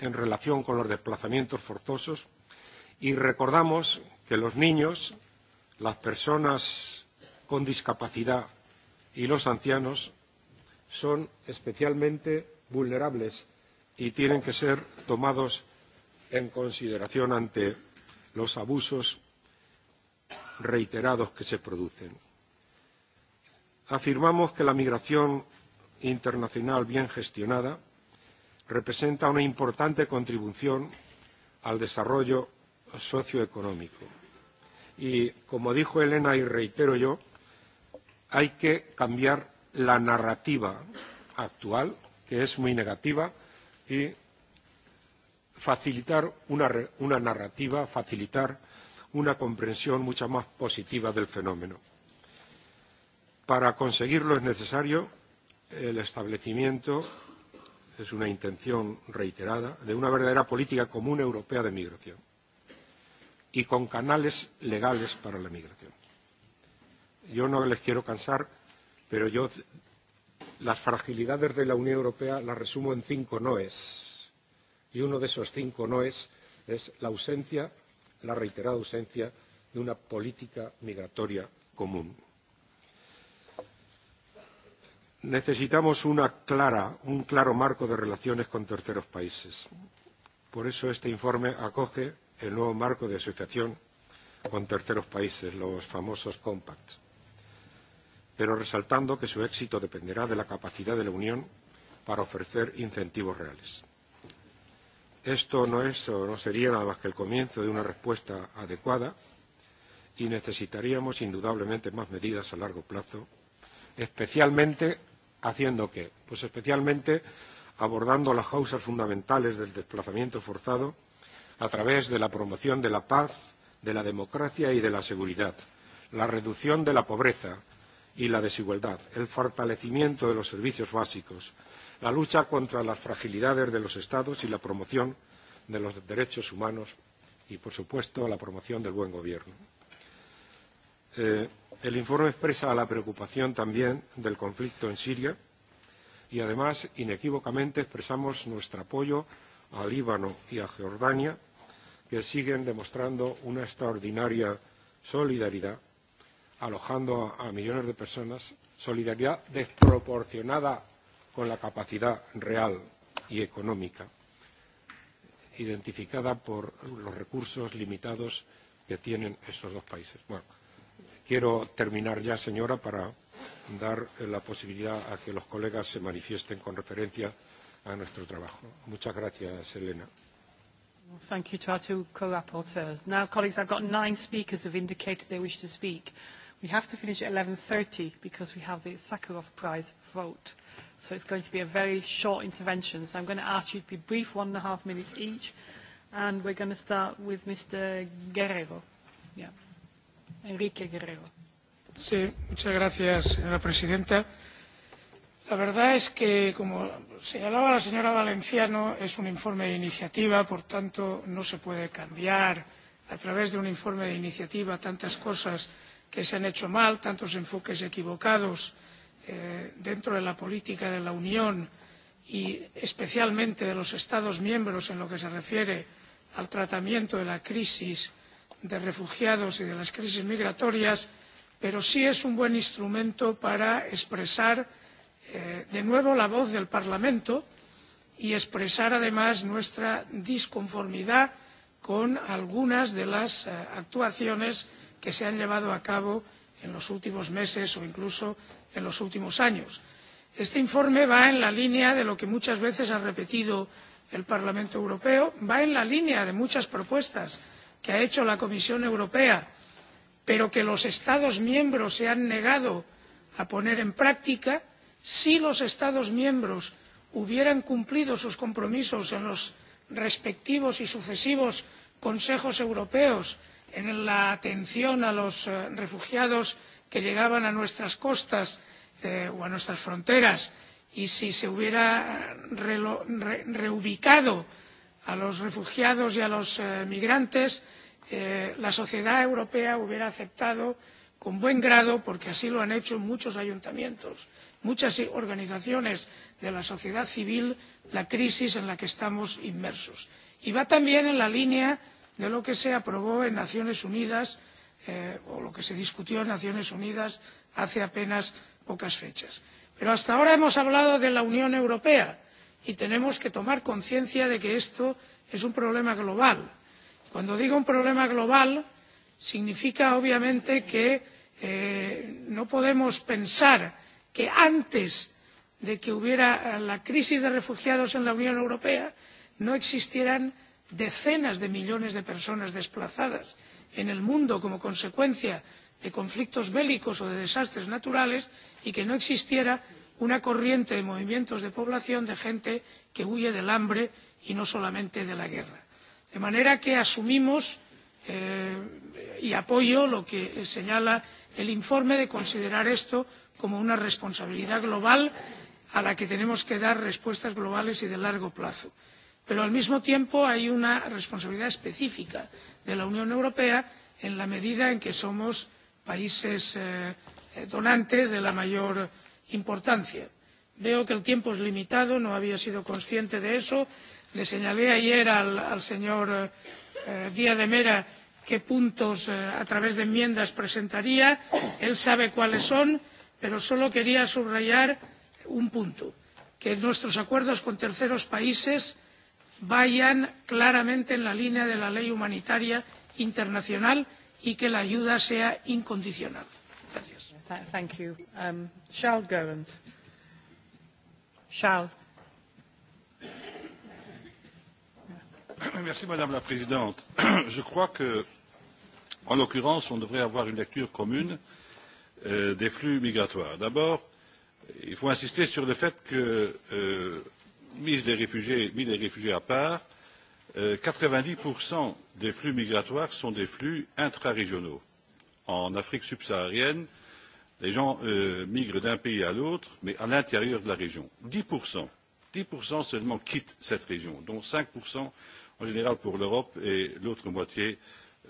en relación con los desplazamientos forzosos y recordamos que los niños, las personas con discapacidad y los ancianos son especialmente vulnerables y tienen que ser tomados en consideración ante los abusos reiterados que se producen. Afirmamos que la migración internacional bien gestionada representa una importante contribución al desarrollo socioeconómico. Y, como dijo Elena y reitero yo, hay que cambiar la narrativa actual, que es muy negativa, y facilitar una, una narrativa, facilitar una comprensión mucho más positiva del fenómeno. Para conseguirlo es necesario el establecimiento, es una intención reiterada, de una verdadera política común europea de migración y con canales legales para la migración. Yo no les quiero cansar, pero yo las fragilidades de la Unión Europea las resumo en cinco noes Y uno de esos cinco noes es la ausencia, la reiterada ausencia, de una política migratoria común. Necesitamos una clara, un claro marco de relaciones con terceros países. Por eso este informe acoge el nuevo marco de asociación con terceros países, los famosos compacts, pero resaltando que su éxito dependerá de la capacidad de la Unión para ofrecer incentivos reales. Esto no es o no sería nada más que el comienzo de una respuesta adecuada y necesitaríamos indudablemente más medidas a largo plazo, especialmente haciendo qué? Pues especialmente abordando las causas fundamentales del desplazamiento forzado a través de la promoción de la paz, de la democracia y de la seguridad, la reducción de la pobreza y la desigualdad, el fortalecimiento de los servicios básicos, la lucha contra las fragilidades de los Estados y la promoción de los derechos humanos y, por supuesto, la promoción del buen gobierno. Eh, el informe expresa la preocupación también del conflicto en Siria y, además, inequívocamente expresamos nuestro apoyo a Líbano y a Jordania, que siguen demostrando una extraordinaria solidaridad, alojando a, a millones de personas, solidaridad desproporcionada con la capacidad real y económica identificada por los recursos limitados que tienen esos dos países. Bueno, quiero terminar ya, señora, para dar la posibilidad a que los colegas se manifiesten con referencia a nuestro trabajo. Muchas gracias, Elena. Thank you to our two co-rapporteurs. Now, colleagues, I've got nine speakers who have indicated they wish to speak. We have to finish at 11.30 because we have the Sakharov Prize vote. So it's going to be a very short intervention. So I'm going to ask you to be brief, one and a half minutes each. And we're going to start with Mr. Guerrero. Yeah. Enrique Guerrero. Sí, muchas gracias, señora presidenta. La verdad es que, como señalaba la señora Valenciano, es un informe de iniciativa, por tanto, no se puede cambiar a través de un informe de iniciativa tantas cosas que se han hecho mal, tantos enfoques equivocados eh, dentro de la política de la Unión y especialmente de los Estados miembros en lo que se refiere al tratamiento de la crisis de refugiados y de las crisis migratorias, pero sí es un buen instrumento para expresar eh, de nuevo la voz del Parlamento y expresar además nuestra disconformidad con algunas de las eh, actuaciones que se han llevado a cabo en los últimos meses o incluso en los últimos años. Este informe va en la línea de lo que muchas veces ha repetido el Parlamento Europeo, va en la línea de muchas propuestas que ha hecho la Comisión Europea, pero que los Estados miembros se han negado a poner en práctica. Si los Estados miembros hubieran cumplido sus compromisos en los respectivos y sucesivos consejos europeos en la atención a los eh, refugiados que llegaban a nuestras costas eh, o a nuestras fronteras y si se hubiera eh, re, reubicado a los refugiados y a los eh, migrantes, eh, la sociedad europea hubiera aceptado con buen grado, porque así lo han hecho muchos ayuntamientos, muchas organizaciones de la sociedad civil, la crisis en la que estamos inmersos. Y va también en la línea de lo que se aprobó en las naciones unidas eh, o lo que se discutió en las naciones unidas hace apenas pocas fechas. pero hasta ahora hemos hablado de la unión europea y tenemos que tomar conciencia de que esto es un problema global. cuando digo un problema global significa obviamente que eh, no podemos pensar que antes de que hubiera la crisis de refugiados en la unión europea no existieran decenas de millones de personas desplazadas en el mundo como consecuencia de conflictos bélicos o de desastres naturales y que no existiera una corriente de movimientos de población de gente que huye del hambre y no solamente de la guerra. De manera que asumimos eh, y apoyo lo que señala el informe de considerar esto como una responsabilidad global a la que tenemos que dar respuestas globales y de largo plazo pero al mismo tiempo hay una responsabilidad específica de la unión europea en la medida en que somos países eh, eh, donantes de la mayor importancia. veo que el tiempo es limitado no había sido consciente de eso. le señalé ayer al, al señor eh, eh, díaz de mera qué puntos eh, a través de enmiendas presentaría él sabe cuáles son pero solo quería subrayar un punto que nuestros acuerdos con terceros países vayan claramente en la línea de la ley humanitaria internacional y que la ayuda sea incondicional. Gracias. Thank you. Um, Charles Goins. Charles. Merci Madame la Présidente. Je crois que, en l'occurrence, on devrait avoir une lecture commune euh, des flux migratoires. D'abord, il faut insister sur le fait que euh, mise les réfugiés, mis les réfugiés à part, euh, 90% des flux migratoires sont des flux intrarégionaux. En Afrique subsaharienne, les gens euh, migrent d'un pays à l'autre, mais à l'intérieur de la région. 10%, 10% seulement quittent cette région, dont 5% en général pour l'Europe et l'autre moitié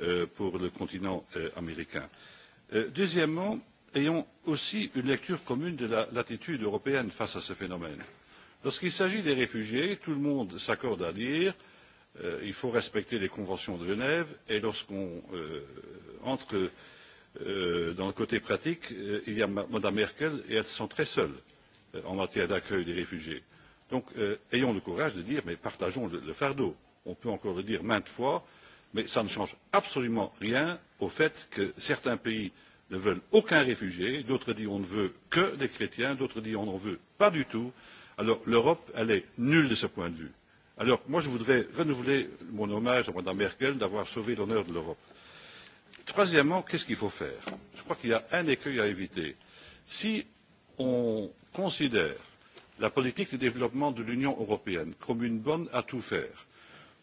euh, pour le continent euh, américain. Euh, deuxièmement, ayons aussi une lecture commune de l'attitude la, européenne face à ce phénomène. Lorsqu'il s'agit des réfugiés, tout le monde s'accorde à dire euh, il faut respecter les conventions de Genève et lorsqu'on euh, entre euh, dans le côté pratique, euh, il y a Mme Merkel et elles sont très seules euh, en matière d'accueil des réfugiés. Donc euh, ayons le courage de dire mais partageons le, le fardeau. On peut encore le dire maintes fois, mais ça ne change absolument rien au fait que certains pays ne veulent aucun réfugié, d'autres disent on ne veut que des chrétiens, d'autres disent on n'en veut pas du tout. Alors l'Europe, elle est nulle de ce point de vue. Alors moi, je voudrais renouveler mon hommage à Mme Merkel d'avoir sauvé l'honneur de l'Europe. Troisièmement, qu'est-ce qu'il faut faire Je crois qu'il y a un écueil à éviter. Si on considère la politique de développement de l'Union européenne comme une bonne à tout faire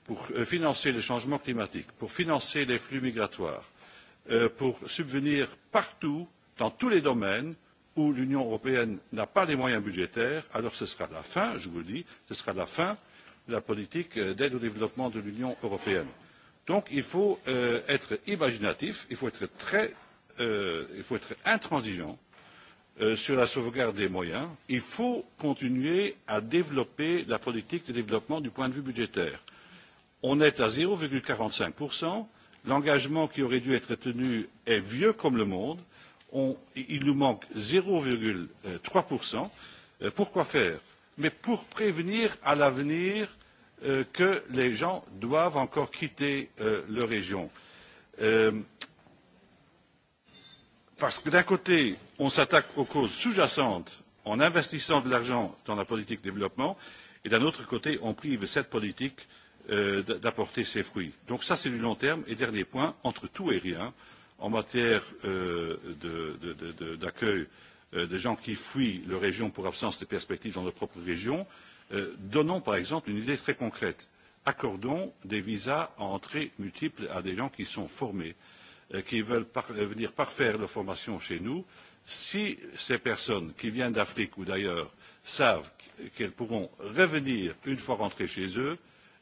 pour euh, financer le changement climatique, pour financer les flux migratoires, euh, pour subvenir partout, dans tous les domaines, où l'Union européenne n'a pas les moyens budgétaires, alors ce sera la fin, je vous le dis, ce sera la fin de la politique euh, d'aide au développement de l'Union européenne. Donc il faut euh, être imaginatif, il faut être très, euh, il faut être intransigeant euh, sur la sauvegarde des moyens. Il faut continuer à développer la politique de développement du point de vue budgétaire. On est à zéro quarante cinq, l'engagement qui aurait dû être tenu est vieux comme le monde, on, il nous manque 0,3%. Euh, pourquoi faire Mais pour prévenir à l'avenir euh, que les gens doivent encore quitter euh, leur région. Euh, parce que d'un côté, on s'attaque aux causes sous-jacentes en investissant de l'argent dans la politique de développement, et d'un autre côté, on prive cette politique euh, d'apporter ses fruits. Donc ça, c'est du long terme. Et dernier point, entre tout et rien, euh, en matière euh, d'accueil de, de, de, euh, des gens qui fuient leur région pour absence de perspective dans leur propre région, euh, donnons par exemple une idée très concrète. Accordons des visas à entrée multiple à des gens qui sont formés, euh, qui veulent par, euh, venir parfaire leur formation chez nous. Si ces personnes qui viennent d'Afrique ou d'ailleurs savent qu'elles pourront revenir une fois rentrées chez eux,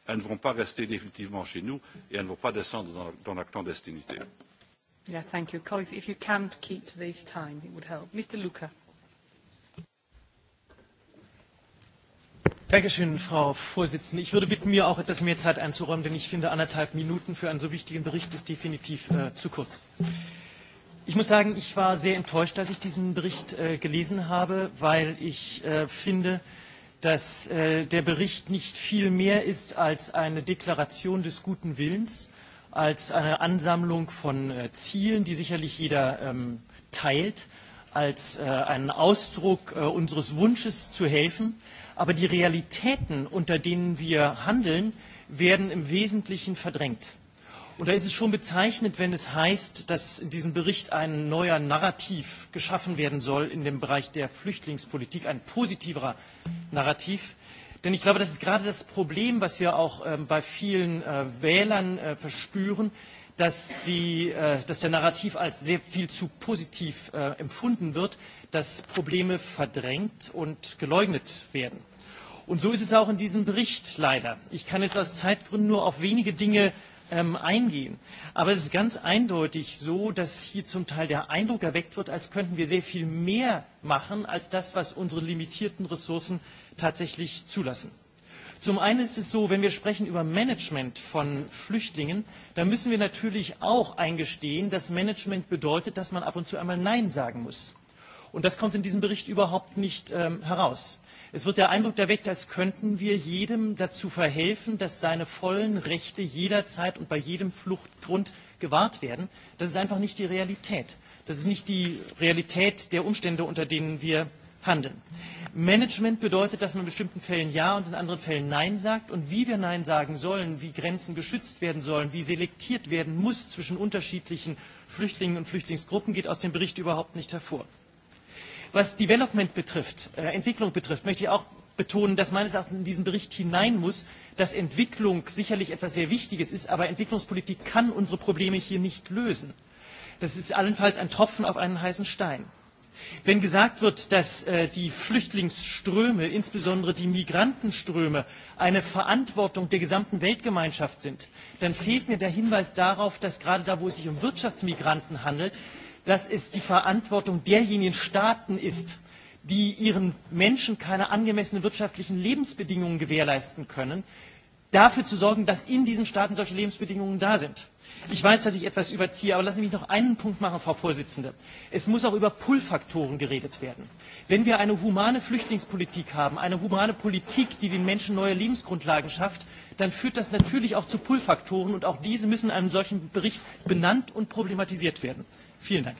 elles ne vont pas rester définitivement chez nous et elles ne vont pas descendre dans, dans la clandestinité. Yeah, thank you. Colleagues, if you can keep to the time, it would help. Mr. Luca. Dankeschön, Frau Vorsitzende. Ich würde bitten, mir auch etwas mehr Zeit einzuräumen, denn ich finde, anderthalb Minuten für einen so wichtigen Bericht ist definitiv äh, zu kurz. Ich muss sagen, ich war sehr enttäuscht, als ich diesen Bericht äh, gelesen habe, weil ich äh, finde, dass äh, der Bericht nicht viel mehr ist als eine Deklaration des guten Willens als eine Ansammlung von äh, Zielen, die sicherlich jeder ähm, teilt, als äh, einen Ausdruck äh, unseres Wunsches zu helfen. Aber die Realitäten, unter denen wir handeln, werden im Wesentlichen verdrängt. Und da ist es schon bezeichnet, wenn es heißt, dass in diesem Bericht ein neuer Narrativ geschaffen werden soll in dem Bereich der Flüchtlingspolitik, ein positiverer Narrativ. Denn ich glaube, das ist gerade das Problem, was wir auch ähm, bei vielen äh, Wählern äh, verspüren, dass, die, äh, dass der Narrativ als sehr viel zu positiv äh, empfunden wird, dass Probleme verdrängt und geleugnet werden. Und so ist es auch in diesem Bericht leider. Ich kann jetzt aus Zeitgründen nur auf wenige Dinge ähm, eingehen. Aber es ist ganz eindeutig so, dass hier zum Teil der Eindruck erweckt wird, als könnten wir sehr viel mehr machen als das, was unsere limitierten Ressourcen tatsächlich zulassen. Zum einen ist es so, wenn wir sprechen über Management von Flüchtlingen, dann müssen wir natürlich auch eingestehen, dass Management bedeutet, dass man ab und zu einmal Nein sagen muss. Und das kommt in diesem Bericht überhaupt nicht ähm, heraus. Es wird der Eindruck erweckt, als könnten wir jedem dazu verhelfen, dass seine vollen Rechte jederzeit und bei jedem Fluchtgrund gewahrt werden. Das ist einfach nicht die Realität. Das ist nicht die Realität der Umstände, unter denen wir handeln. Management bedeutet, dass man in bestimmten Fällen Ja und in anderen Fällen Nein sagt. Und wie wir Nein sagen sollen, wie Grenzen geschützt werden sollen, wie selektiert werden muss zwischen unterschiedlichen Flüchtlingen und Flüchtlingsgruppen, geht aus dem Bericht überhaupt nicht hervor. Was Development betrifft, äh, Entwicklung betrifft, möchte ich auch betonen, dass meines Erachtens in diesen Bericht hinein muss, dass Entwicklung sicherlich etwas sehr Wichtiges ist, aber Entwicklungspolitik kann unsere Probleme hier nicht lösen. Das ist allenfalls ein Tropfen auf einen heißen Stein. Wenn gesagt wird, dass äh, die Flüchtlingsströme, insbesondere die Migrantenströme, eine Verantwortung der gesamten Weltgemeinschaft sind, dann fehlt mir der Hinweis darauf, dass gerade da, wo es sich um Wirtschaftsmigranten handelt, dass es die Verantwortung derjenigen Staaten ist, die ihren Menschen keine angemessenen wirtschaftlichen Lebensbedingungen gewährleisten können, dafür zu sorgen, dass in diesen Staaten solche Lebensbedingungen da sind. Ich weiß, dass ich etwas überziehe, aber lassen Sie mich noch einen Punkt machen, Frau Vorsitzende. Es muss auch über Pull-Faktoren geredet werden. Wenn wir eine humane Flüchtlingspolitik haben, eine humane Politik, die den Menschen neue Lebensgrundlagen schafft, dann führt das natürlich auch zu Pull-Faktoren und auch diese müssen in einem solchen Bericht benannt und problematisiert werden. Vielen Dank.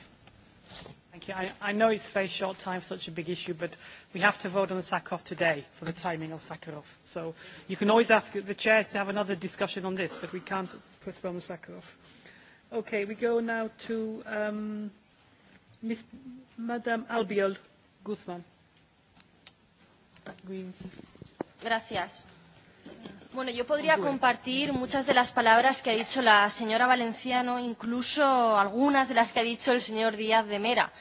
Thank you. I, I know it's very short time for such a big issue, but we have to vote on the Sakharov today for the timing of Sakharov. So you can always ask the chairs to have another discussion on this, but we can't postpone the Sakharov. Okay, we go now to um, Ms. Madame Albiol Guzman. Greens. Gracias. Bueno, yo podría compartir muchas de las palabras que ha dicho la señora Valenciano, incluso algunas de las que ha dicho el señor Díaz de Mera,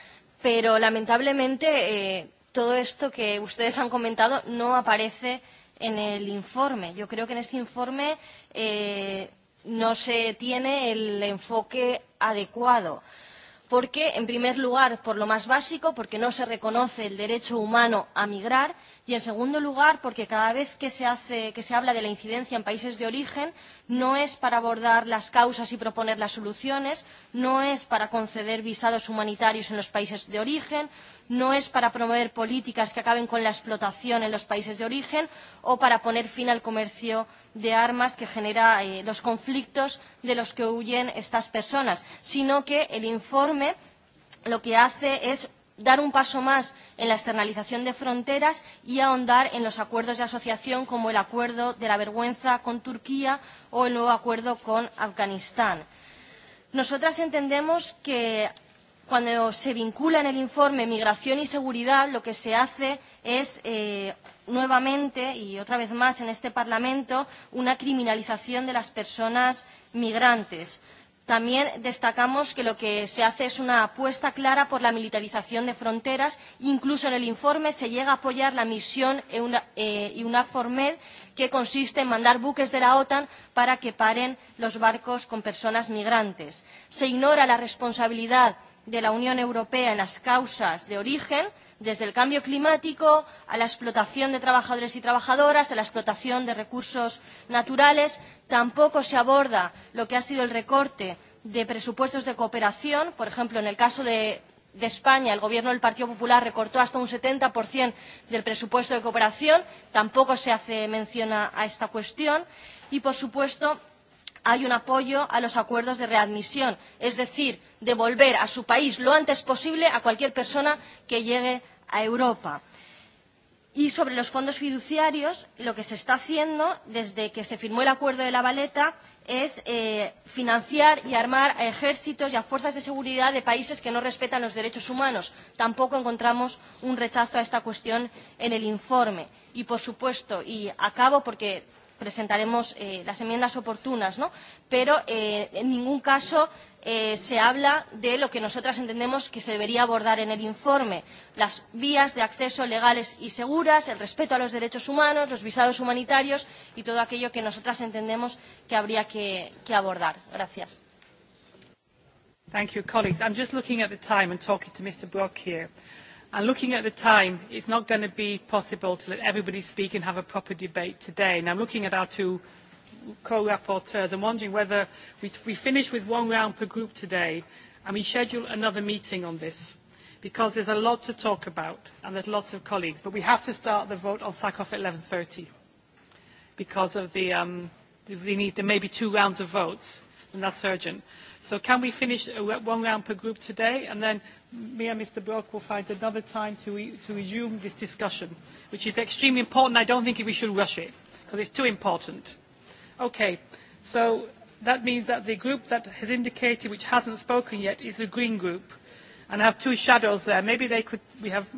pero lamentablemente eh, todo esto que ustedes han comentado no aparece en el informe. Yo creo que en este informe eh, no se tiene el enfoque adecuado porque, en primer lugar, por lo más básico, porque no se reconoce el derecho humano a migrar, y, en segundo lugar, porque cada vez que se, hace, que se habla de la incidencia en países de origen, no es para abordar las causas y proponer las soluciones, no es para conceder visados humanitarios en los países de origen, no es para promover políticas que acaben con la explotación en los países de origen o para poner fin al comercio de armas que genera eh, los conflictos de los que huyen estas personas, sino que el informe lo que hace es dar un paso más en la externalización de fronteras y ahondar en los acuerdos de asociación como el acuerdo de la vergüenza con Turquía o el nuevo acuerdo con Afganistán. Nosotras entendemos que cuando se vincula en el informe migración y seguridad, lo que se hace es eh, nuevamente y otra vez más en este Parlamento una criminalización de las personas migrantes. También destacamos que lo que se hace es una apuesta clara por la militarización de fronteras. Incluso en el informe se llega a apoyar la misión eunafor e que consiste en mandar buques de la OTAN para que paren los barcos con personas migrantes. Se ignora la responsabilidad de la Unión Europea en las causas de origen desde el cambio climático a la explotación de trabajadores y trabajadoras, a la explotación de recursos naturales. Tampoco se aborda lo que ha sido el recorte de presupuestos de cooperación. Por ejemplo, en el caso de, de España, el gobierno del Partido Popular recortó hasta un 70% del presupuesto de cooperación. Tampoco se hace mención a, a esta cuestión. Y, por supuesto, hay un apoyo a los acuerdos de readmisión, es decir, devolver a su país lo antes posible a cualquier persona que llegue a Europa. Y sobre los fondos fiduciarios, lo que se está haciendo desde que se firmó el acuerdo de la Valeta es eh, financiar y armar a ejércitos y a fuerzas de seguridad de países que no respetan los derechos humanos. Tampoco encontramos un rechazo a esta cuestión en el informe. Y, por supuesto, y acabo porque presentaremos eh, las enmiendas oportunas, ¿no? pero eh, en ningún caso eh, se habla de lo que nosotras entendemos que se debería abordar en el informe, las vías de acceso legales y seguras, el respeto a los derechos humanos, los visados humanitarios y todo aquello que nosotras entendemos que habría que, que abordar. Gracias. Thank you, colleagues. I'm just looking at the time and talking to Mr. Brock here. And looking at the time, it's not going to be possible to let everybody speak and have a proper debate today. And I'm looking at our two co-rapporteurs. I'm wondering whether we, we finish with one round per group today and we schedule another meeting on this because there's a lot to talk about and there's lots of colleagues. But we have to start the vote on SACOF at 11.30 because of the, um, we need, there may be two rounds of votes and that's urgent. So can we finish uh, one round per group today and then me and Mr Brock will find another time to, re to resume this discussion, which is extremely important. I don't think we should rush it because it's too important. Okay, so that means that the group that has indicated which hasn't spoken yet is the Green Group. And I have two shadows there. Maybe they could, we have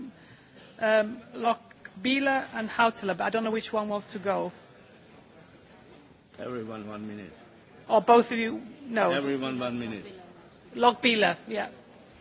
um, Lok Bieler and Hautala, but I don't know which one wants to go. Everyone one minute. Or both of you? No. Everyone one minute. Lok Bila, yeah.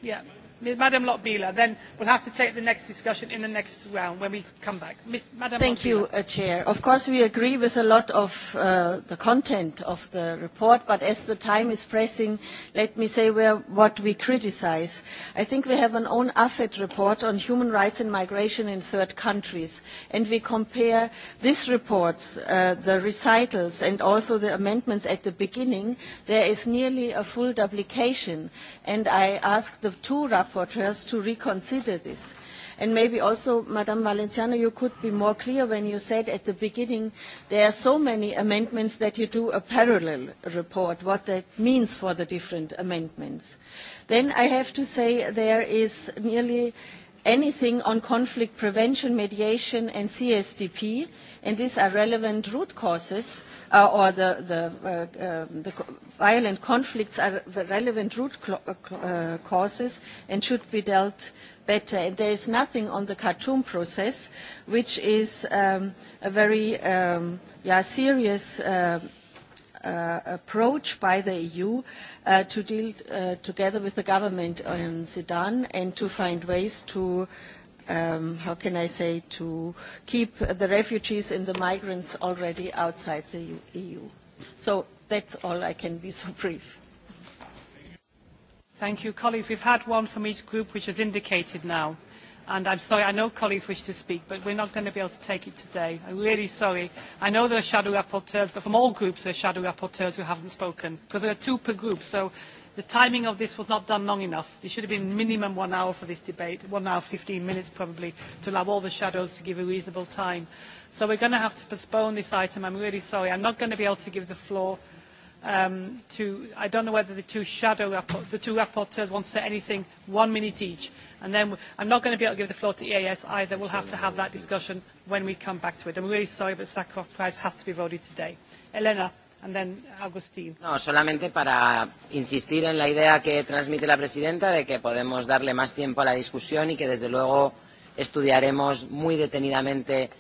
Yeah. Madam Lotbila, then we'll have to take the next discussion in the next round when we come back. Ms. Madam Thank you, uh, Chair. Of course, we agree with a lot of uh, the content of the report, but as the time is pressing, let me say where, what we criticize. I think we have an own AFET report on human rights and migration in third countries, and we compare this report, uh, the recitals, and also the amendments at the beginning. There is nearly a full duplication, and I ask the two rapporteurs rapporteurs to reconsider this. And maybe also, Madam Valenciano, you could be more clear when you said at the beginning there are so many amendments that you do a parallel report, what that means for the different amendments. Then I have to say there is nearly anything on conflict prevention, mediation, and CSDP, and these are relevant root causes, uh, or the, the, uh, uh, the violent conflicts are the relevant root uh, uh, causes and should be dealt better. And there is nothing on the Khartoum process, which is um, a very um, yeah, serious uh, uh, approach by the EU uh, to deal uh, together with the government in Sudan and to find ways to um, how can I say, to keep the refugees and the migrants already outside the EU. So that's all I can be so brief. Thank you, colleagues. We've had one from each group, which has indicated now. And I'm sorry, I know colleagues wish to speak, but we're not going to be able to take it today. I'm really sorry. I know there are shadow rapporteurs, but from all groups there are shadow rapporteurs who haven't spoken, because there are two per group. So the timing of this was not done long enough. It should have been minimum one hour for this debate, one hour, 15 minutes probably, to allow all the shadows to give a reasonable time. So we're going to have to postpone this item. I'm really sorry. I'm not going to be able to give the floor um, to, I don't know whether the two shadow, rapport, the two rapporteurs want to say anything, one minute each. And then I'm not going to be able to give the floor to EAS either. We'll have to have that discussion when we come back to it. I'm really sorry, but Sakharov Prize has to be voted today. Elena. And then Agustín. No, solamente para insistir en la idea que transmite la presidenta de que podemos darle más tiempo a la discusión y que desde luego estudiaremos muy detenidamente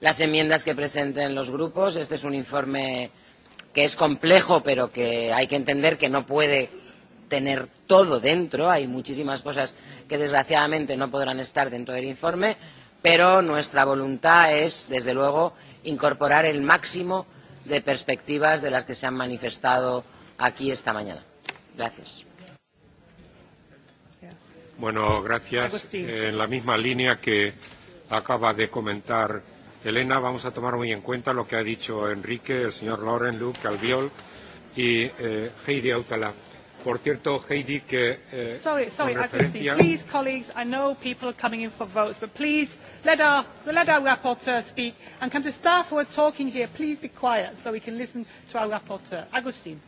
las enmiendas que presenten los grupos. Este es un informe que es complejo, pero que hay que entender que no puede tener todo dentro. Hay muchísimas cosas que desgraciadamente no podrán estar dentro del informe, pero nuestra voluntad es, desde luego, incorporar el máximo de perspectivas de las que se han manifestado aquí esta mañana. Gracias. Bueno, gracias. Eh, en la misma línea que acaba de comentar Elena, vamos a tomar muy en cuenta lo que ha dicho Enrique, el señor Lauren Luke, Albiol y eh, Heidi Autala. Por cierto, Heidi, que... Eh, sorry, sorry, referencia... please, colleagues, I know people are coming in for votes, but please let our, let our rapporteur speak. And can the staff who are talking here please be quiet so we can listen to our rapporteur? Agustín.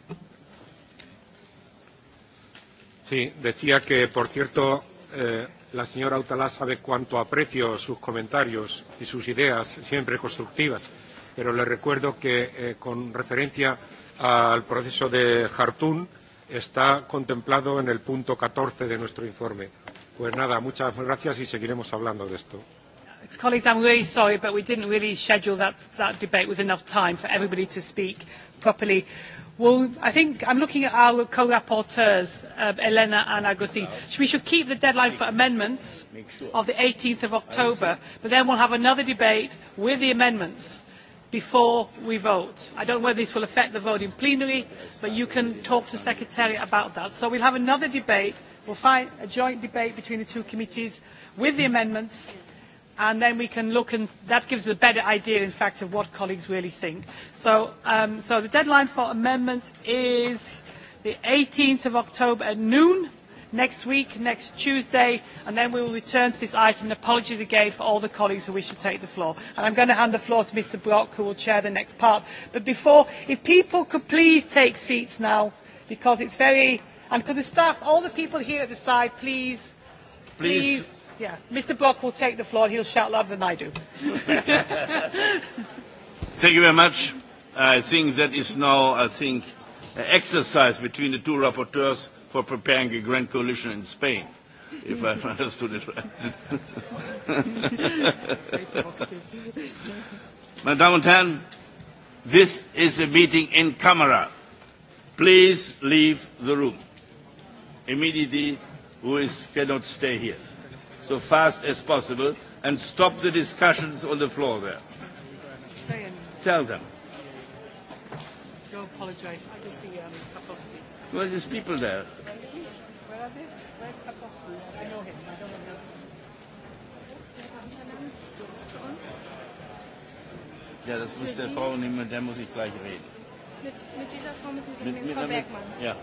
Sí, decía que, por cierto, eh, la señora Autalá sabe cuánto aprecio sus comentarios y sus ideas, siempre constructivas, pero le recuerdo que, eh, con referencia al proceso de Jartún, está contemplado en el punto 14 de nuestro informe. Pues nada, muchas gracias y seguiremos hablando de esto. Colleagues, I'm really sorry, but we didn't really schedule that, that debate with enough time for everybody to speak properly. Well, I think I'm looking at our co-rapporteurs, uh, Elena and Agustin. So we should keep the deadline for amendments of the 18th of October, but then we'll have another debate with the amendments before we vote. I don't know whether this will affect the vote in plenary, but you can talk to the secretary about that. So we'll have another debate. We'll find a joint debate between the two committees with the amendments, and then we can look, and that gives us a better idea, in fact, of what colleagues really think. So, um, so the deadline for amendments is the 18th of October at noon next week, next Tuesday, and then we will return to this item. And apologies again for all the colleagues who wish to take the floor. And I'm going to hand the floor to Mr Brock, who will chair the next part. But before, if people could please take seats now, because it's very, and to the staff, all the people here at the side, please, please, please yeah, Mr Brock will take the floor. He'll shout louder than I do. Thank you very much. I think that is now, I think, an exercise between the two rapporteurs for preparing a grand coalition in Spain, if I understood it right. Madame, Tan, this is a meeting in camera. Please leave the room. Immediately, who is, cannot stay here. So fast as possible and stop the discussions on the floor there. Tell them. You apologize. I see um, Well, there's people there. Ja, das muss der Frau nehmen, mit der muss ich gleich reden. Mit, mit dieser Frau müssen wir mit, mit Frau Bergmann. Ja.